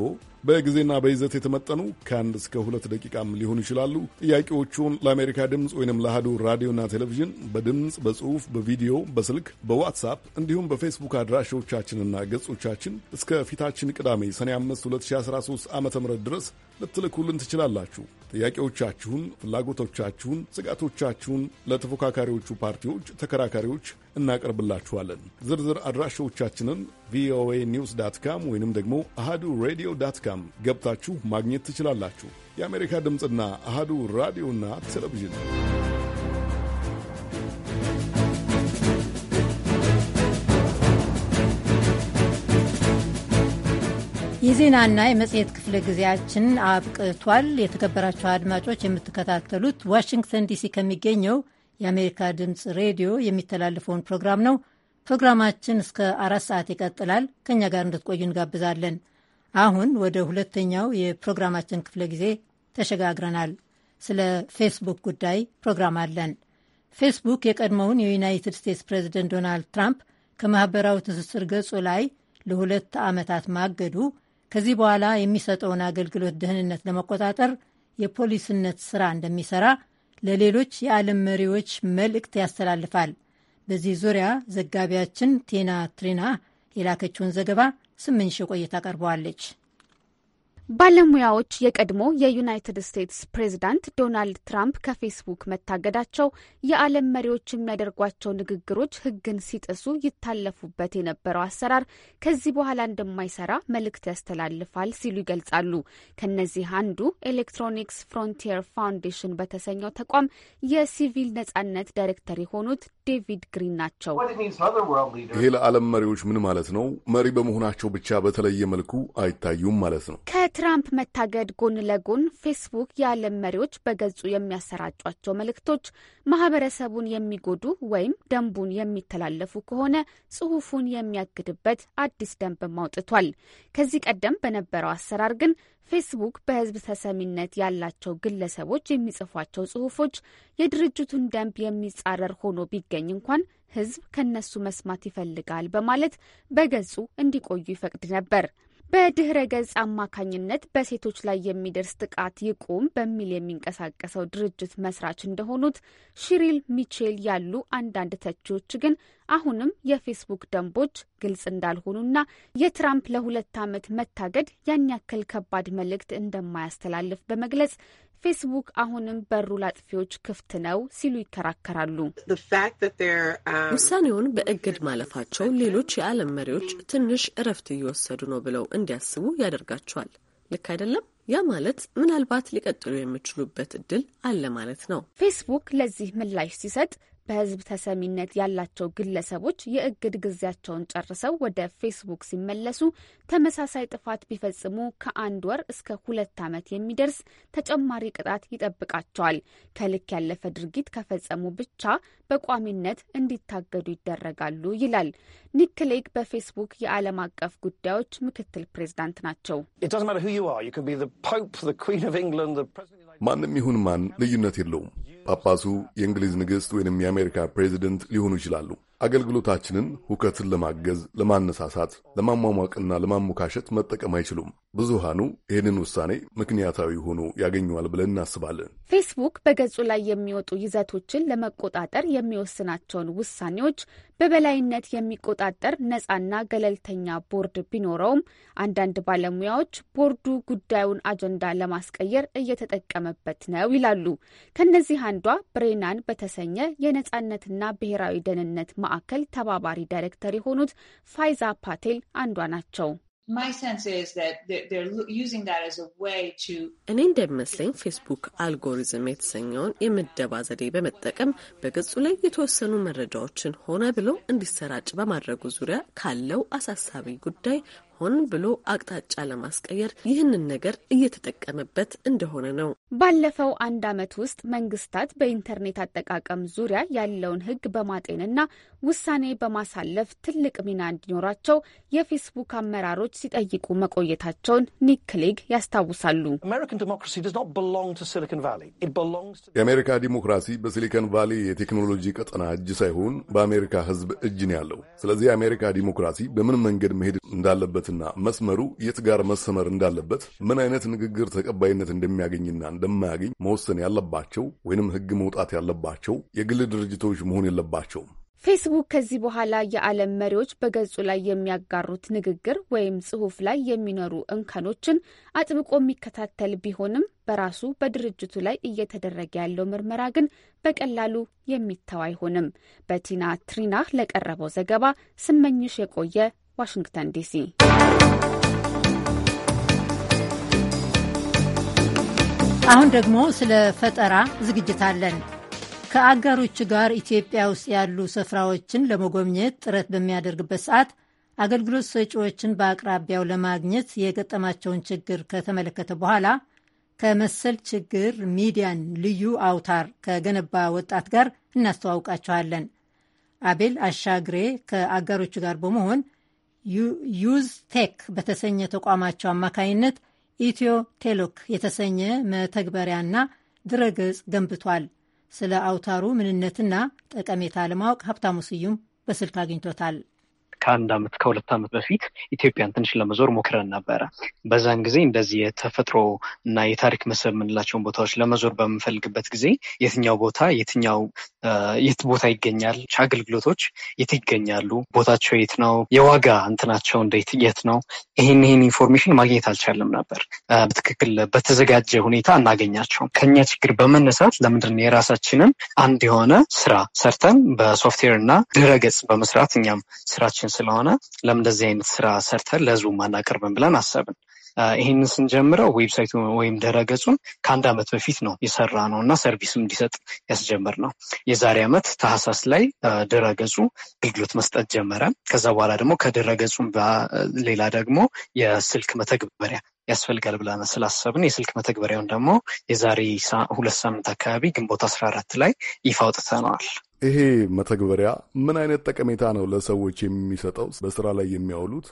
በጊዜና በይዘት የተመጠኑ ከአንድ እስከ ሁለት ደቂቃም ሊሆኑ ይችላሉ። ጥያቄዎቹን ለአሜሪካ ድምፅ ወይንም ለአህዱ ራዲዮና ቴሌቪዥን በድምፅ፣ በጽሁፍ፣ በቪዲዮ፣ በስልክ፣ በዋትሳፕ እንዲሁም በፌስቡክ አድራሻዎቻችንና ገጾቻችን እስከ ፊታችን ቅዳሜ ሰኔ 5 2013 ዓ ም ድረስ ልትልኩልን ትችላላችሁ። ጥያቄዎቻችሁን፣ ፍላጎቶቻችሁን፣ ስጋቶቻችሁን ለተፎካካሪዎቹ ፓርቲዎች ተከራካሪዎች እናቀርብላችኋለን። ዝርዝር አድራሻዎቻችንን ቪኦኤ ኒውስ ዳት ካም ወይንም ደግሞ አሃዱ ሬዲዮ ዳት ካም ገብታችሁ ማግኘት ትችላላችሁ። የአሜሪካ ድምፅና አሃዱ ራዲዮና ቴሌቪዥን የዜናና የመጽሔት ክፍለ ጊዜያችን አብቅቷል። የተከበራችሁ አድማጮች የምትከታተሉት ዋሽንግተን ዲሲ ከሚገኘው የአሜሪካ ድምፅ ሬዲዮ የሚተላለፈውን ፕሮግራም ነው። ፕሮግራማችን እስከ አራት ሰዓት ይቀጥላል። ከእኛ ጋር እንድትቆዩ እንጋብዛለን። አሁን ወደ ሁለተኛው የፕሮግራማችን ክፍለ ጊዜ ተሸጋግረናል። ስለ ፌስቡክ ጉዳይ ፕሮግራም አለን። ፌስቡክ የቀድሞውን የዩናይትድ ስቴትስ ፕሬዚደንት ዶናልድ ትራምፕ ከማኅበራዊ ትስስር ገጹ ላይ ለሁለት ዓመታት ማገዱ ከዚህ በኋላ የሚሰጠውን አገልግሎት ደህንነት ለመቆጣጠር የፖሊስነት ስራ እንደሚሰራ ለሌሎች የዓለም መሪዎች መልእክት ያስተላልፋል። በዚህ ዙሪያ ዘጋቢያችን ቴና ትሪና የላከችውን ዘገባ ስምንሽ ቆይታ ቀርበዋለች። ባለሙያዎች የቀድሞ የዩናይትድ ስቴትስ ፕሬዝዳንት ዶናልድ ትራምፕ ከፌስቡክ መታገዳቸው የዓለም መሪዎች የሚያደርጓቸው ንግግሮች ሕግን ሲጥሱ ይታለፉበት የነበረው አሰራር ከዚህ በኋላ እንደማይሰራ መልእክት ያስተላልፋል ሲሉ ይገልጻሉ። ከነዚህ አንዱ ኤሌክትሮኒክስ ፍሮንቲየር ፋውንዴሽን በተሰኘው ተቋም የሲቪል ነጻነት ዳይሬክተር የሆኑት ዴቪድ ግሪን ናቸው። ይሄ ለዓለም መሪዎች ምን ማለት ነው? መሪ በመሆናቸው ብቻ በተለየ መልኩ አይታዩም ማለት ነው። ከትራምፕ መታገድ ጎን ለጎን ፌስቡክ የዓለም መሪዎች በገጹ የሚያሰራጯቸው መልእክቶች ማህበረሰቡን የሚጎዱ ወይም ደንቡን የሚተላለፉ ከሆነ ጽሑፉን የሚያግድበት አዲስ ደንብ አውጥቷል። ከዚህ ቀደም በነበረው አሰራር ግን ፌስቡክ በሕዝብ ተሰሚነት ያላቸው ግለሰቦች የሚጽፏቸው ጽሑፎች የድርጅቱን ደንብ የሚጻረር ሆኖ ቢገኝ እንኳን ሕዝብ ከነሱ መስማት ይፈልጋል በማለት በገጹ እንዲቆዩ ይፈቅድ ነበር። በድህረ ገጽ አማካኝነት በሴቶች ላይ የሚደርስ ጥቃት ይቁም በሚል የሚንቀሳቀሰው ድርጅት መስራች እንደሆኑት ሽሪል ሚቼል ያሉ አንዳንድ ተቺዎች ግን አሁንም የፌስቡክ ደንቦች ግልጽ እንዳልሆኑና የትራምፕ ለሁለት ዓመት መታገድ ያን ያክል ከባድ መልእክት እንደማያስተላልፍ በመግለጽ ፌስቡክ አሁንም በሩ ላጥፊዎች ክፍት ነው ሲሉ ይከራከራሉ። um, ውሳኔውን በእግድ ማለፋቸው ሌሎች የዓለም መሪዎች ትንሽ እረፍት እየወሰዱ ነው ብለው እንዲያስቡ ያደርጋቸዋል። ልክ አይደለም። ያ ማለት ምናልባት ሊቀጥሉ የሚችሉበት እድል አለ ማለት ነው። ፌስቡክ ለዚህ ምላሽ ሲሰጥ በህዝብ ተሰሚነት ያላቸው ግለሰቦች የእግድ ጊዜያቸውን ጨርሰው ወደ ፌስቡክ ሲመለሱ ተመሳሳይ ጥፋት ቢፈጽሙ ከአንድ ወር እስከ ሁለት ዓመት የሚደርስ ተጨማሪ ቅጣት ይጠብቃቸዋል። ከልክ ያለፈ ድርጊት ከፈጸሙ ብቻ በቋሚነት እንዲታገዱ ይደረጋሉ ይላል። ኒክ ክሌግ በፌስቡክ የዓለም አቀፍ ጉዳዮች ምክትል ፕሬዝዳንት ናቸው። ማንም ይሁን ማን ልዩነት የለውም። ጳጳሱ የእንግሊዝ ንግሥት ወይንም የአሜሪካ ፕሬዚደንት ሊሆኑ ይችላሉ። አገልግሎታችንን ሁከትን ለማገዝ፣ ለማነሳሳት፣ ለማሟሟቅና ለማሞካሸት መጠቀም አይችሉም። ብዙሃኑ ይህንን ውሳኔ ምክንያታዊ ሆኖ ያገኘዋል ብለን እናስባለን። ፌስቡክ በገጹ ላይ የሚወጡ ይዘቶችን ለመቆጣጠር የሚወስናቸውን ውሳኔዎች በበላይነት የሚቆጣጠር ነፃና ገለልተኛ ቦርድ ቢኖረውም አንዳንድ ባለሙያዎች ቦርዱ ጉዳዩን አጀንዳ ለማስቀየር እየተጠቀመበት ነው ይላሉ። ከነዚህ አንዷ ብሬናን በተሰኘ የነፃነትና ብሔራዊ ደህንነት ማዕከል ተባባሪ ዳይሬክተር የሆኑት ፋይዛ ፓቴል አንዷ ናቸው። እኔ እንደሚመስለኝ ፌስቡክ አልጎሪዝም የተሰኘውን የምደባ ዘዴ በመጠቀም በገጹ ላይ የተወሰኑ መረጃዎችን ሆነ ብሎ እንዲሰራጭ በማድረጉ ዙሪያ ካለው አሳሳቢ ጉዳይ ሆን ብሎ አቅጣጫ ለማስቀየር ይህንን ነገር እየተጠቀመበት እንደሆነ ነው። ባለፈው አንድ ዓመት ውስጥ መንግስታት በኢንተርኔት አጠቃቀም ዙሪያ ያለውን ሕግ በማጤንና ውሳኔ በማሳለፍ ትልቅ ሚና እንዲኖራቸው የፌስቡክ አመራሮች ሲጠይቁ መቆየታቸውን ኒክ ክሊግ ያስታውሳሉ። የአሜሪካ ዲሞክራሲ በሲሊከን ቫሊ የቴክኖሎጂ ቀጠና እጅ ሳይሆን በአሜሪካ ሕዝብ እጅ ነው ያለው። ስለዚህ የአሜሪካ ዲሞክራሲ በምን መንገድ መሄድ እንዳለበት መልእክትና መስመሩ የት ጋር መሰመር እንዳለበት ምን አይነት ንግግር ተቀባይነት እንደሚያገኝና እንደማያገኝ መወሰን ያለባቸው ወይንም ሕግ መውጣት ያለባቸው የግል ድርጅቶች መሆን የለባቸውም። ፌስቡክ ከዚህ በኋላ የዓለም መሪዎች በገጹ ላይ የሚያጋሩት ንግግር ወይም ጽሑፍ ላይ የሚኖሩ እንከኖችን አጥብቆ የሚከታተል ቢሆንም በራሱ በድርጅቱ ላይ እየተደረገ ያለው ምርመራ ግን በቀላሉ የሚተው አይሆንም። በቲና ትሪና ለቀረበው ዘገባ ስመኝሽ የቆየ ዋሽንግተን ዲሲ። አሁን ደግሞ ስለ ፈጠራ ዝግጅት አለን። ከአጋሮች ጋር ኢትዮጵያ ውስጥ ያሉ ስፍራዎችን ለመጎብኘት ጥረት በሚያደርግበት ሰዓት አገልግሎት ሰጪዎችን በአቅራቢያው ለማግኘት የገጠማቸውን ችግር ከተመለከተ በኋላ ከመሰል ችግር ሚዲያን ልዩ አውታር ከገነባ ወጣት ጋር እናስተዋውቃችኋለን። አቤል አሻግሬ ከአጋሮቹ ጋር በመሆን ዩዝቴክ በተሰኘ ተቋማቸው አማካይነት ኢትዮ ቴሎክ የተሰኘ መተግበሪያና ድረገጽ ገንብቷል። ስለ አውታሩ ምንነትና ጠቀሜታ ለማወቅ ሀብታሙ ስዩም በስልክ አግኝቶታል። ከአንድ አመት ከሁለት አመት በፊት ኢትዮጵያን ትንሽ ለመዞር ሞክረን ነበረ። በዛን ጊዜ እንደዚህ የተፈጥሮ እና የታሪክ መስህብ የምንላቸውን ቦታዎች ለመዞር በምንፈልግበት ጊዜ የትኛው ቦታ የትኛው የት ቦታ ይገኛል፣ አገልግሎቶች የት ይገኛሉ፣ ቦታቸው የት ነው፣ የዋጋ እንትናቸው እንዴት የት ነው፣ ይህን ይህን ኢንፎርሜሽን ማግኘት አልቻለም ነበር። በትክክል በተዘጋጀ ሁኔታ እናገኛቸው ከኛ ችግር በመነሳት ለምንድነው የራሳችንን አንድ የሆነ ስራ ሰርተን በሶፍትዌር እና ድረገጽ በመስራት እኛም ስራችን ስለሆነ ለምን እንደዚህ አይነት ስራ ሰርተን ለህዝቡ አናቀርብም ብለን አሰብን። ይህንን ስንጀምረው ዌብሳይቱ ወይም ድረገጹን ከአንድ ዓመት በፊት ነው የሰራ ነው እና ሰርቪስም እንዲሰጥ ያስጀምር ነው። የዛሬ ዓመት ታህሳስ ላይ ድረገጹ አገልግሎት መስጠት ጀመረ። ከዛ በኋላ ደግሞ ከድረገጹ ሌላ ደግሞ የስልክ መተግበሪያ ያስፈልጋል ብለን ስላሰብን የስልክ መተግበሪያውን ደግሞ የዛሬ ሁለት ሳምንት አካባቢ ግንቦት አስራ አራት ላይ ይፋ አውጥተነዋል። ይሄ መተግበሪያ ምን አይነት ጠቀሜታ ነው ለሰዎች የሚሰጠው? በስራ ላይ የሚያውሉት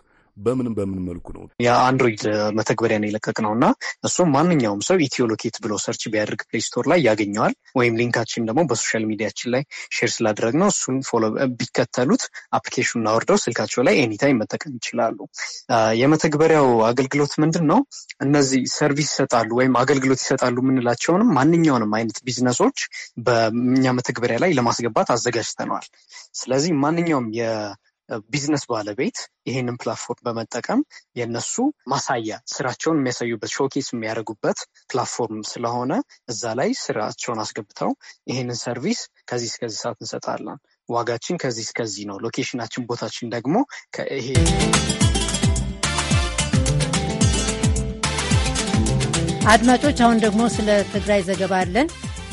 በምን በምን መልኩ ነው? የአንድሮይድ መተግበሪያን የለቀቅ ነው እና እሱም ማንኛውም ሰው ኢትዮሎኬት ብሎ ሰርች ቢያደርግ ፕሌይ ስቶር ላይ ያገኘዋል። ወይም ሊንካችን ደግሞ በሶሻል ሚዲያችን ላይ ሼር ስላደረግ ነው እሱን ፎሎ ቢከተሉት አፕሊኬሽኑን አወርደው ስልካቸው ላይ ኤኒታይም መጠቀም ይችላሉ። የመተግበሪያው አገልግሎት ምንድን ነው? እነዚህ ሰርቪስ ይሰጣሉ ወይም አገልግሎት ይሰጣሉ የምንላቸውንም ማንኛውንም አይነት ቢዝነሶች በእኛ መተግበሪያ ላይ ለማስገባት አዘጋጅተነዋል። ስለዚህ ማንኛውም ቢዝነስ ባለቤት ይህንን ፕላትፎርም በመጠቀም የነሱ ማሳያ ስራቸውን የሚያሳዩበት ሾኬስ የሚያደርጉበት ፕላትፎርም ስለሆነ እዛ ላይ ስራቸውን አስገብተው ይህንን ሰርቪስ ከዚህ እስከዚህ ሰዓት እንሰጣለን፣ ዋጋችን ከዚህ እስከዚህ ነው፣ ሎኬሽናችን ቦታችን ደግሞ ይሄ አድማጮች አሁን ደግሞ ስለ ትግራይ ዘገባ አለን።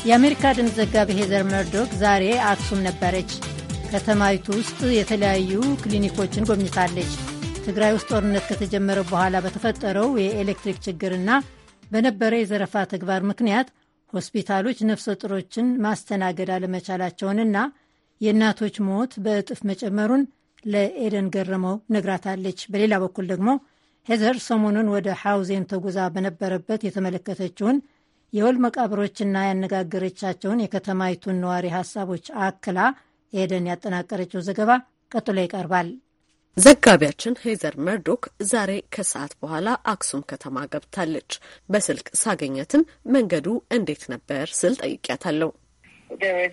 የአሜሪካ ድምፅ ዘጋቢ ሄዘር መርዶክ ዛሬ አክሱም ነበረች። ከተማይቱ ውስጥ የተለያዩ ክሊኒኮችን ጎብኝታለች። ትግራይ ውስጥ ጦርነት ከተጀመረ በኋላ በተፈጠረው የኤሌክትሪክ ችግርና በነበረ የዘረፋ ተግባር ምክንያት ሆስፒታሎች ነፍሰ ጡሮችን ማስተናገድ አለመቻላቸውንና የእናቶች ሞት በእጥፍ መጨመሩን ለኤደን ገረመው ነግራታለች። በሌላ በኩል ደግሞ ሄዘር ሰሞኑን ወደ ሐውዜን ተጉዛ በነበረበት የተመለከተችውን የወል መቃብሮችና ያነጋገረቻቸውን የከተማይቱን ነዋሪ ሀሳቦች አክላ ኤደን ያጠናቀረችው ዘገባ ቀጥሎ ይቀርባል። ዘጋቢያችን ሄዘር መርዶክ ዛሬ ከሰዓት በኋላ አክሱም ከተማ ገብታለች። በስልክ ሳገኘትም መንገዱ እንዴት ነበር ስል ጠይቂያታለሁ። um,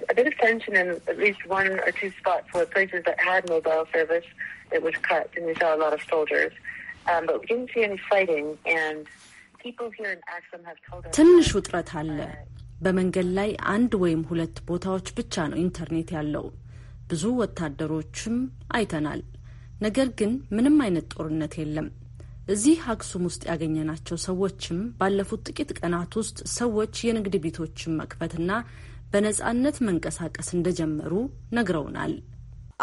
ትንሽ ውጥረት አለ። በመንገድ ላይ አንድ ወይም ሁለት ቦታዎች ብቻ ነው ኢንተርኔት ያለው። ብዙ ወታደሮችም አይተናል። ነገር ግን ምንም አይነት ጦርነት የለም። እዚህ አክሱም ውስጥ ያገኘናቸው ሰዎችም ባለፉት ጥቂት ቀናት ውስጥ ሰዎች የንግድ ቤቶችን መክፈትና በነጻነት መንቀሳቀስ እንደጀመሩ ነግረውናል።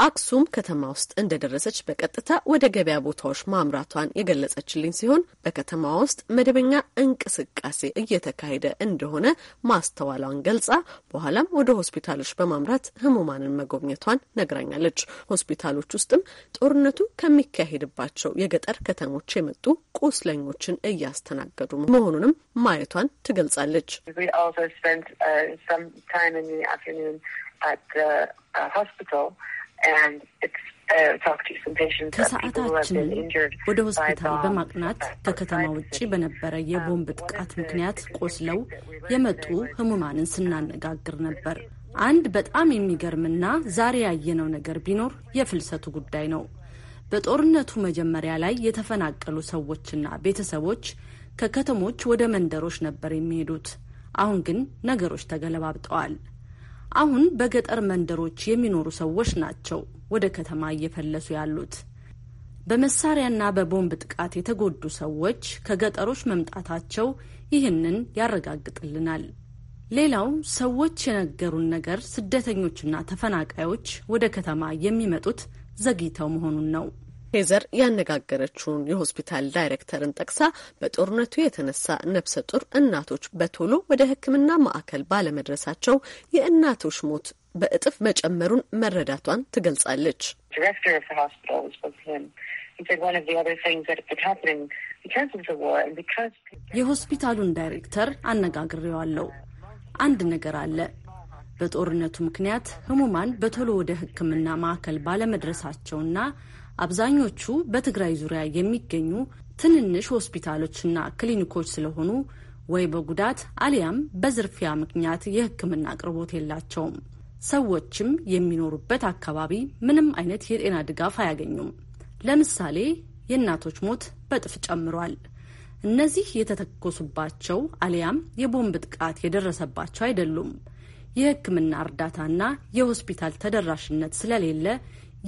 አክሱም ከተማ ውስጥ እንደደረሰች በቀጥታ ወደ ገበያ ቦታዎች ማምራቷን የገለጸችልኝ ሲሆን በከተማዋ ውስጥ መደበኛ እንቅስቃሴ እየተካሄደ እንደሆነ ማስተዋሏን ገልጻ በኋላም ወደ ሆስፒታሎች በማምራት ህሙማንን መጎብኘቷን ነግራኛለች። ሆስፒታሎች ውስጥም ጦርነቱ ከሚካሄድባቸው የገጠር ከተሞች የመጡ ቁስለኞችን እያስተናገዱ መሆኑንም ማየቷን ትገልጻለች። uh, at the uh, hospital Uh, ከሰዓታችን ወደ ሆስፒታል በማቅናት uh, ከከተማ ውጭ በነበረ um, የቦምብ ጥቃት ምክንያት ቆስለው የመጡ ህሙማንን ስናነጋግር ነበር። አንድ በጣም የሚገርምና ዛሬ ያየነው ነገር ቢኖር የፍልሰቱ ጉዳይ ነው። በጦርነቱ መጀመሪያ ላይ የተፈናቀሉ ሰዎችና ቤተሰቦች ከከተሞች ወደ መንደሮች ነበር የሚሄዱት። አሁን ግን ነገሮች ተገለባብጠዋል። አሁን በገጠር መንደሮች የሚኖሩ ሰዎች ናቸው ወደ ከተማ እየፈለሱ ያሉት። በመሳሪያና በቦምብ ጥቃት የተጎዱ ሰዎች ከገጠሮች መምጣታቸው ይህንን ያረጋግጥልናል። ሌላው ሰዎች የነገሩን ነገር ስደተኞችና ተፈናቃዮች ወደ ከተማ የሚመጡት ዘግይተው መሆኑን ነው። ሄዘር ያነጋገረችውን የሆስፒታል ዳይሬክተርን ጠቅሳ በጦርነቱ የተነሳ ነፍሰ ጡር እናቶች በቶሎ ወደ ሕክምና ማዕከል ባለመድረሳቸው የእናቶች ሞት በእጥፍ መጨመሩን መረዳቷን ትገልጻለች። የሆስፒታሉን ዳይሬክተር አነጋግሬዋለሁ። አንድ ነገር አለ። በጦርነቱ ምክንያት ህሙማን በቶሎ ወደ ህክምና ማዕከል ባለመድረሳቸውና አብዛኞቹ በትግራይ ዙሪያ የሚገኙ ትንንሽ ሆስፒታሎችና ክሊኒኮች ስለሆኑ ወይ በጉዳት አሊያም በዝርፊያ ምክንያት የሕክምና አቅርቦት የላቸውም። ሰዎችም የሚኖሩበት አካባቢ ምንም አይነት የጤና ድጋፍ አያገኙም። ለምሳሌ የእናቶች ሞት በጥፍ ጨምሯል። እነዚህ የተተኮሱባቸው አሊያም የቦምብ ጥቃት የደረሰባቸው አይደሉም። የሕክምና እርዳታና የሆስፒታል ተደራሽነት ስለሌለ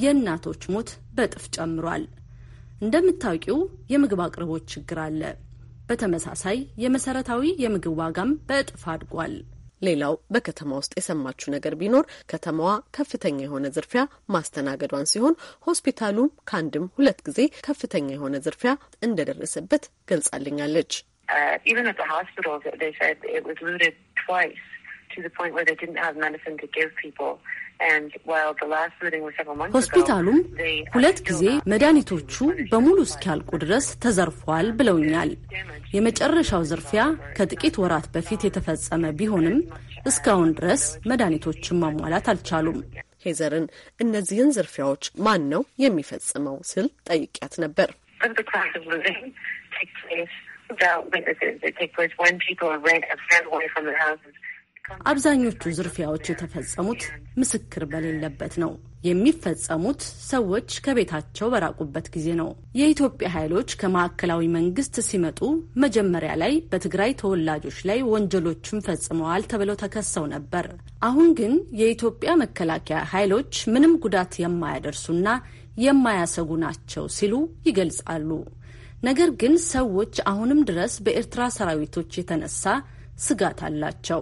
የእናቶች ሞት በእጥፍ ጨምሯል። እንደምታውቂው የምግብ አቅርቦት ችግር አለ። በተመሳሳይ የመሰረታዊ የምግብ ዋጋም በእጥፍ አድጓል። ሌላው በከተማ ውስጥ የሰማችው ነገር ቢኖር ከተማዋ ከፍተኛ የሆነ ዝርፊያ ማስተናገዷን ሲሆን ሆስፒታሉም ከአንድም ሁለት ጊዜ ከፍተኛ የሆነ ዝርፊያ እንደደረሰበት ገልጻልኛለች። uh, ሆስፒታሉም ሁለት ጊዜ መድኃኒቶቹ በሙሉ እስኪያልቁ ድረስ ተዘርፏል ብለውኛል። የመጨረሻው ዝርፊያ ከጥቂት ወራት በፊት የተፈጸመ ቢሆንም እስካሁን ድረስ መድኃኒቶችን ማሟላት አልቻሉም። ሄዘርን እነዚህን ዝርፊያዎች ማን ነው የሚፈጽመው ስል ጠይቂያት ነበር። አብዛኞቹ ዝርፊያዎች የተፈጸሙት ምስክር በሌለበት ነው። የሚፈጸሙት ሰዎች ከቤታቸው በራቁበት ጊዜ ነው። የኢትዮጵያ ኃይሎች ከማዕከላዊ መንግስት ሲመጡ መጀመሪያ ላይ በትግራይ ተወላጆች ላይ ወንጀሎችን ፈጽመዋል ተብለው ተከሰው ነበር። አሁን ግን የኢትዮጵያ መከላከያ ኃይሎች ምንም ጉዳት የማያደርሱና የማያሰጉ ናቸው ሲሉ ይገልጻሉ። ነገር ግን ሰዎች አሁንም ድረስ በኤርትራ ሰራዊቶች የተነሳ ስጋት አላቸው።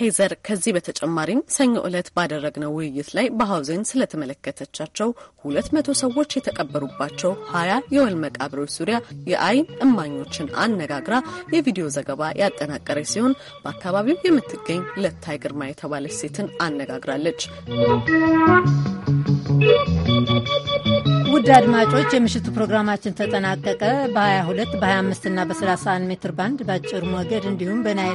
ሄዘር ከዚህ በተጨማሪም ሰኞ ዕለት ባደረግነው ውይይት ላይ በሐውዜን ስለተመለከተቻቸው ሁለት መቶ ሰዎች የተቀበሩባቸው ሀያ የወል መቃብሮች ዙሪያ የአይን እማኞችን አነጋግራ የቪዲዮ ዘገባ ያጠናቀረች ሲሆን በአካባቢው የምትገኝ ለታይ ግርማ የተባለች ሴትን አነጋግራለች። ውድ አድማጮች የምሽቱ ፕሮግራማችን ተጠናቀቀ። በ22 በ25 እና በ31 ሜትር ባንድ በአጭር ሞገድ እንዲሁም በናይል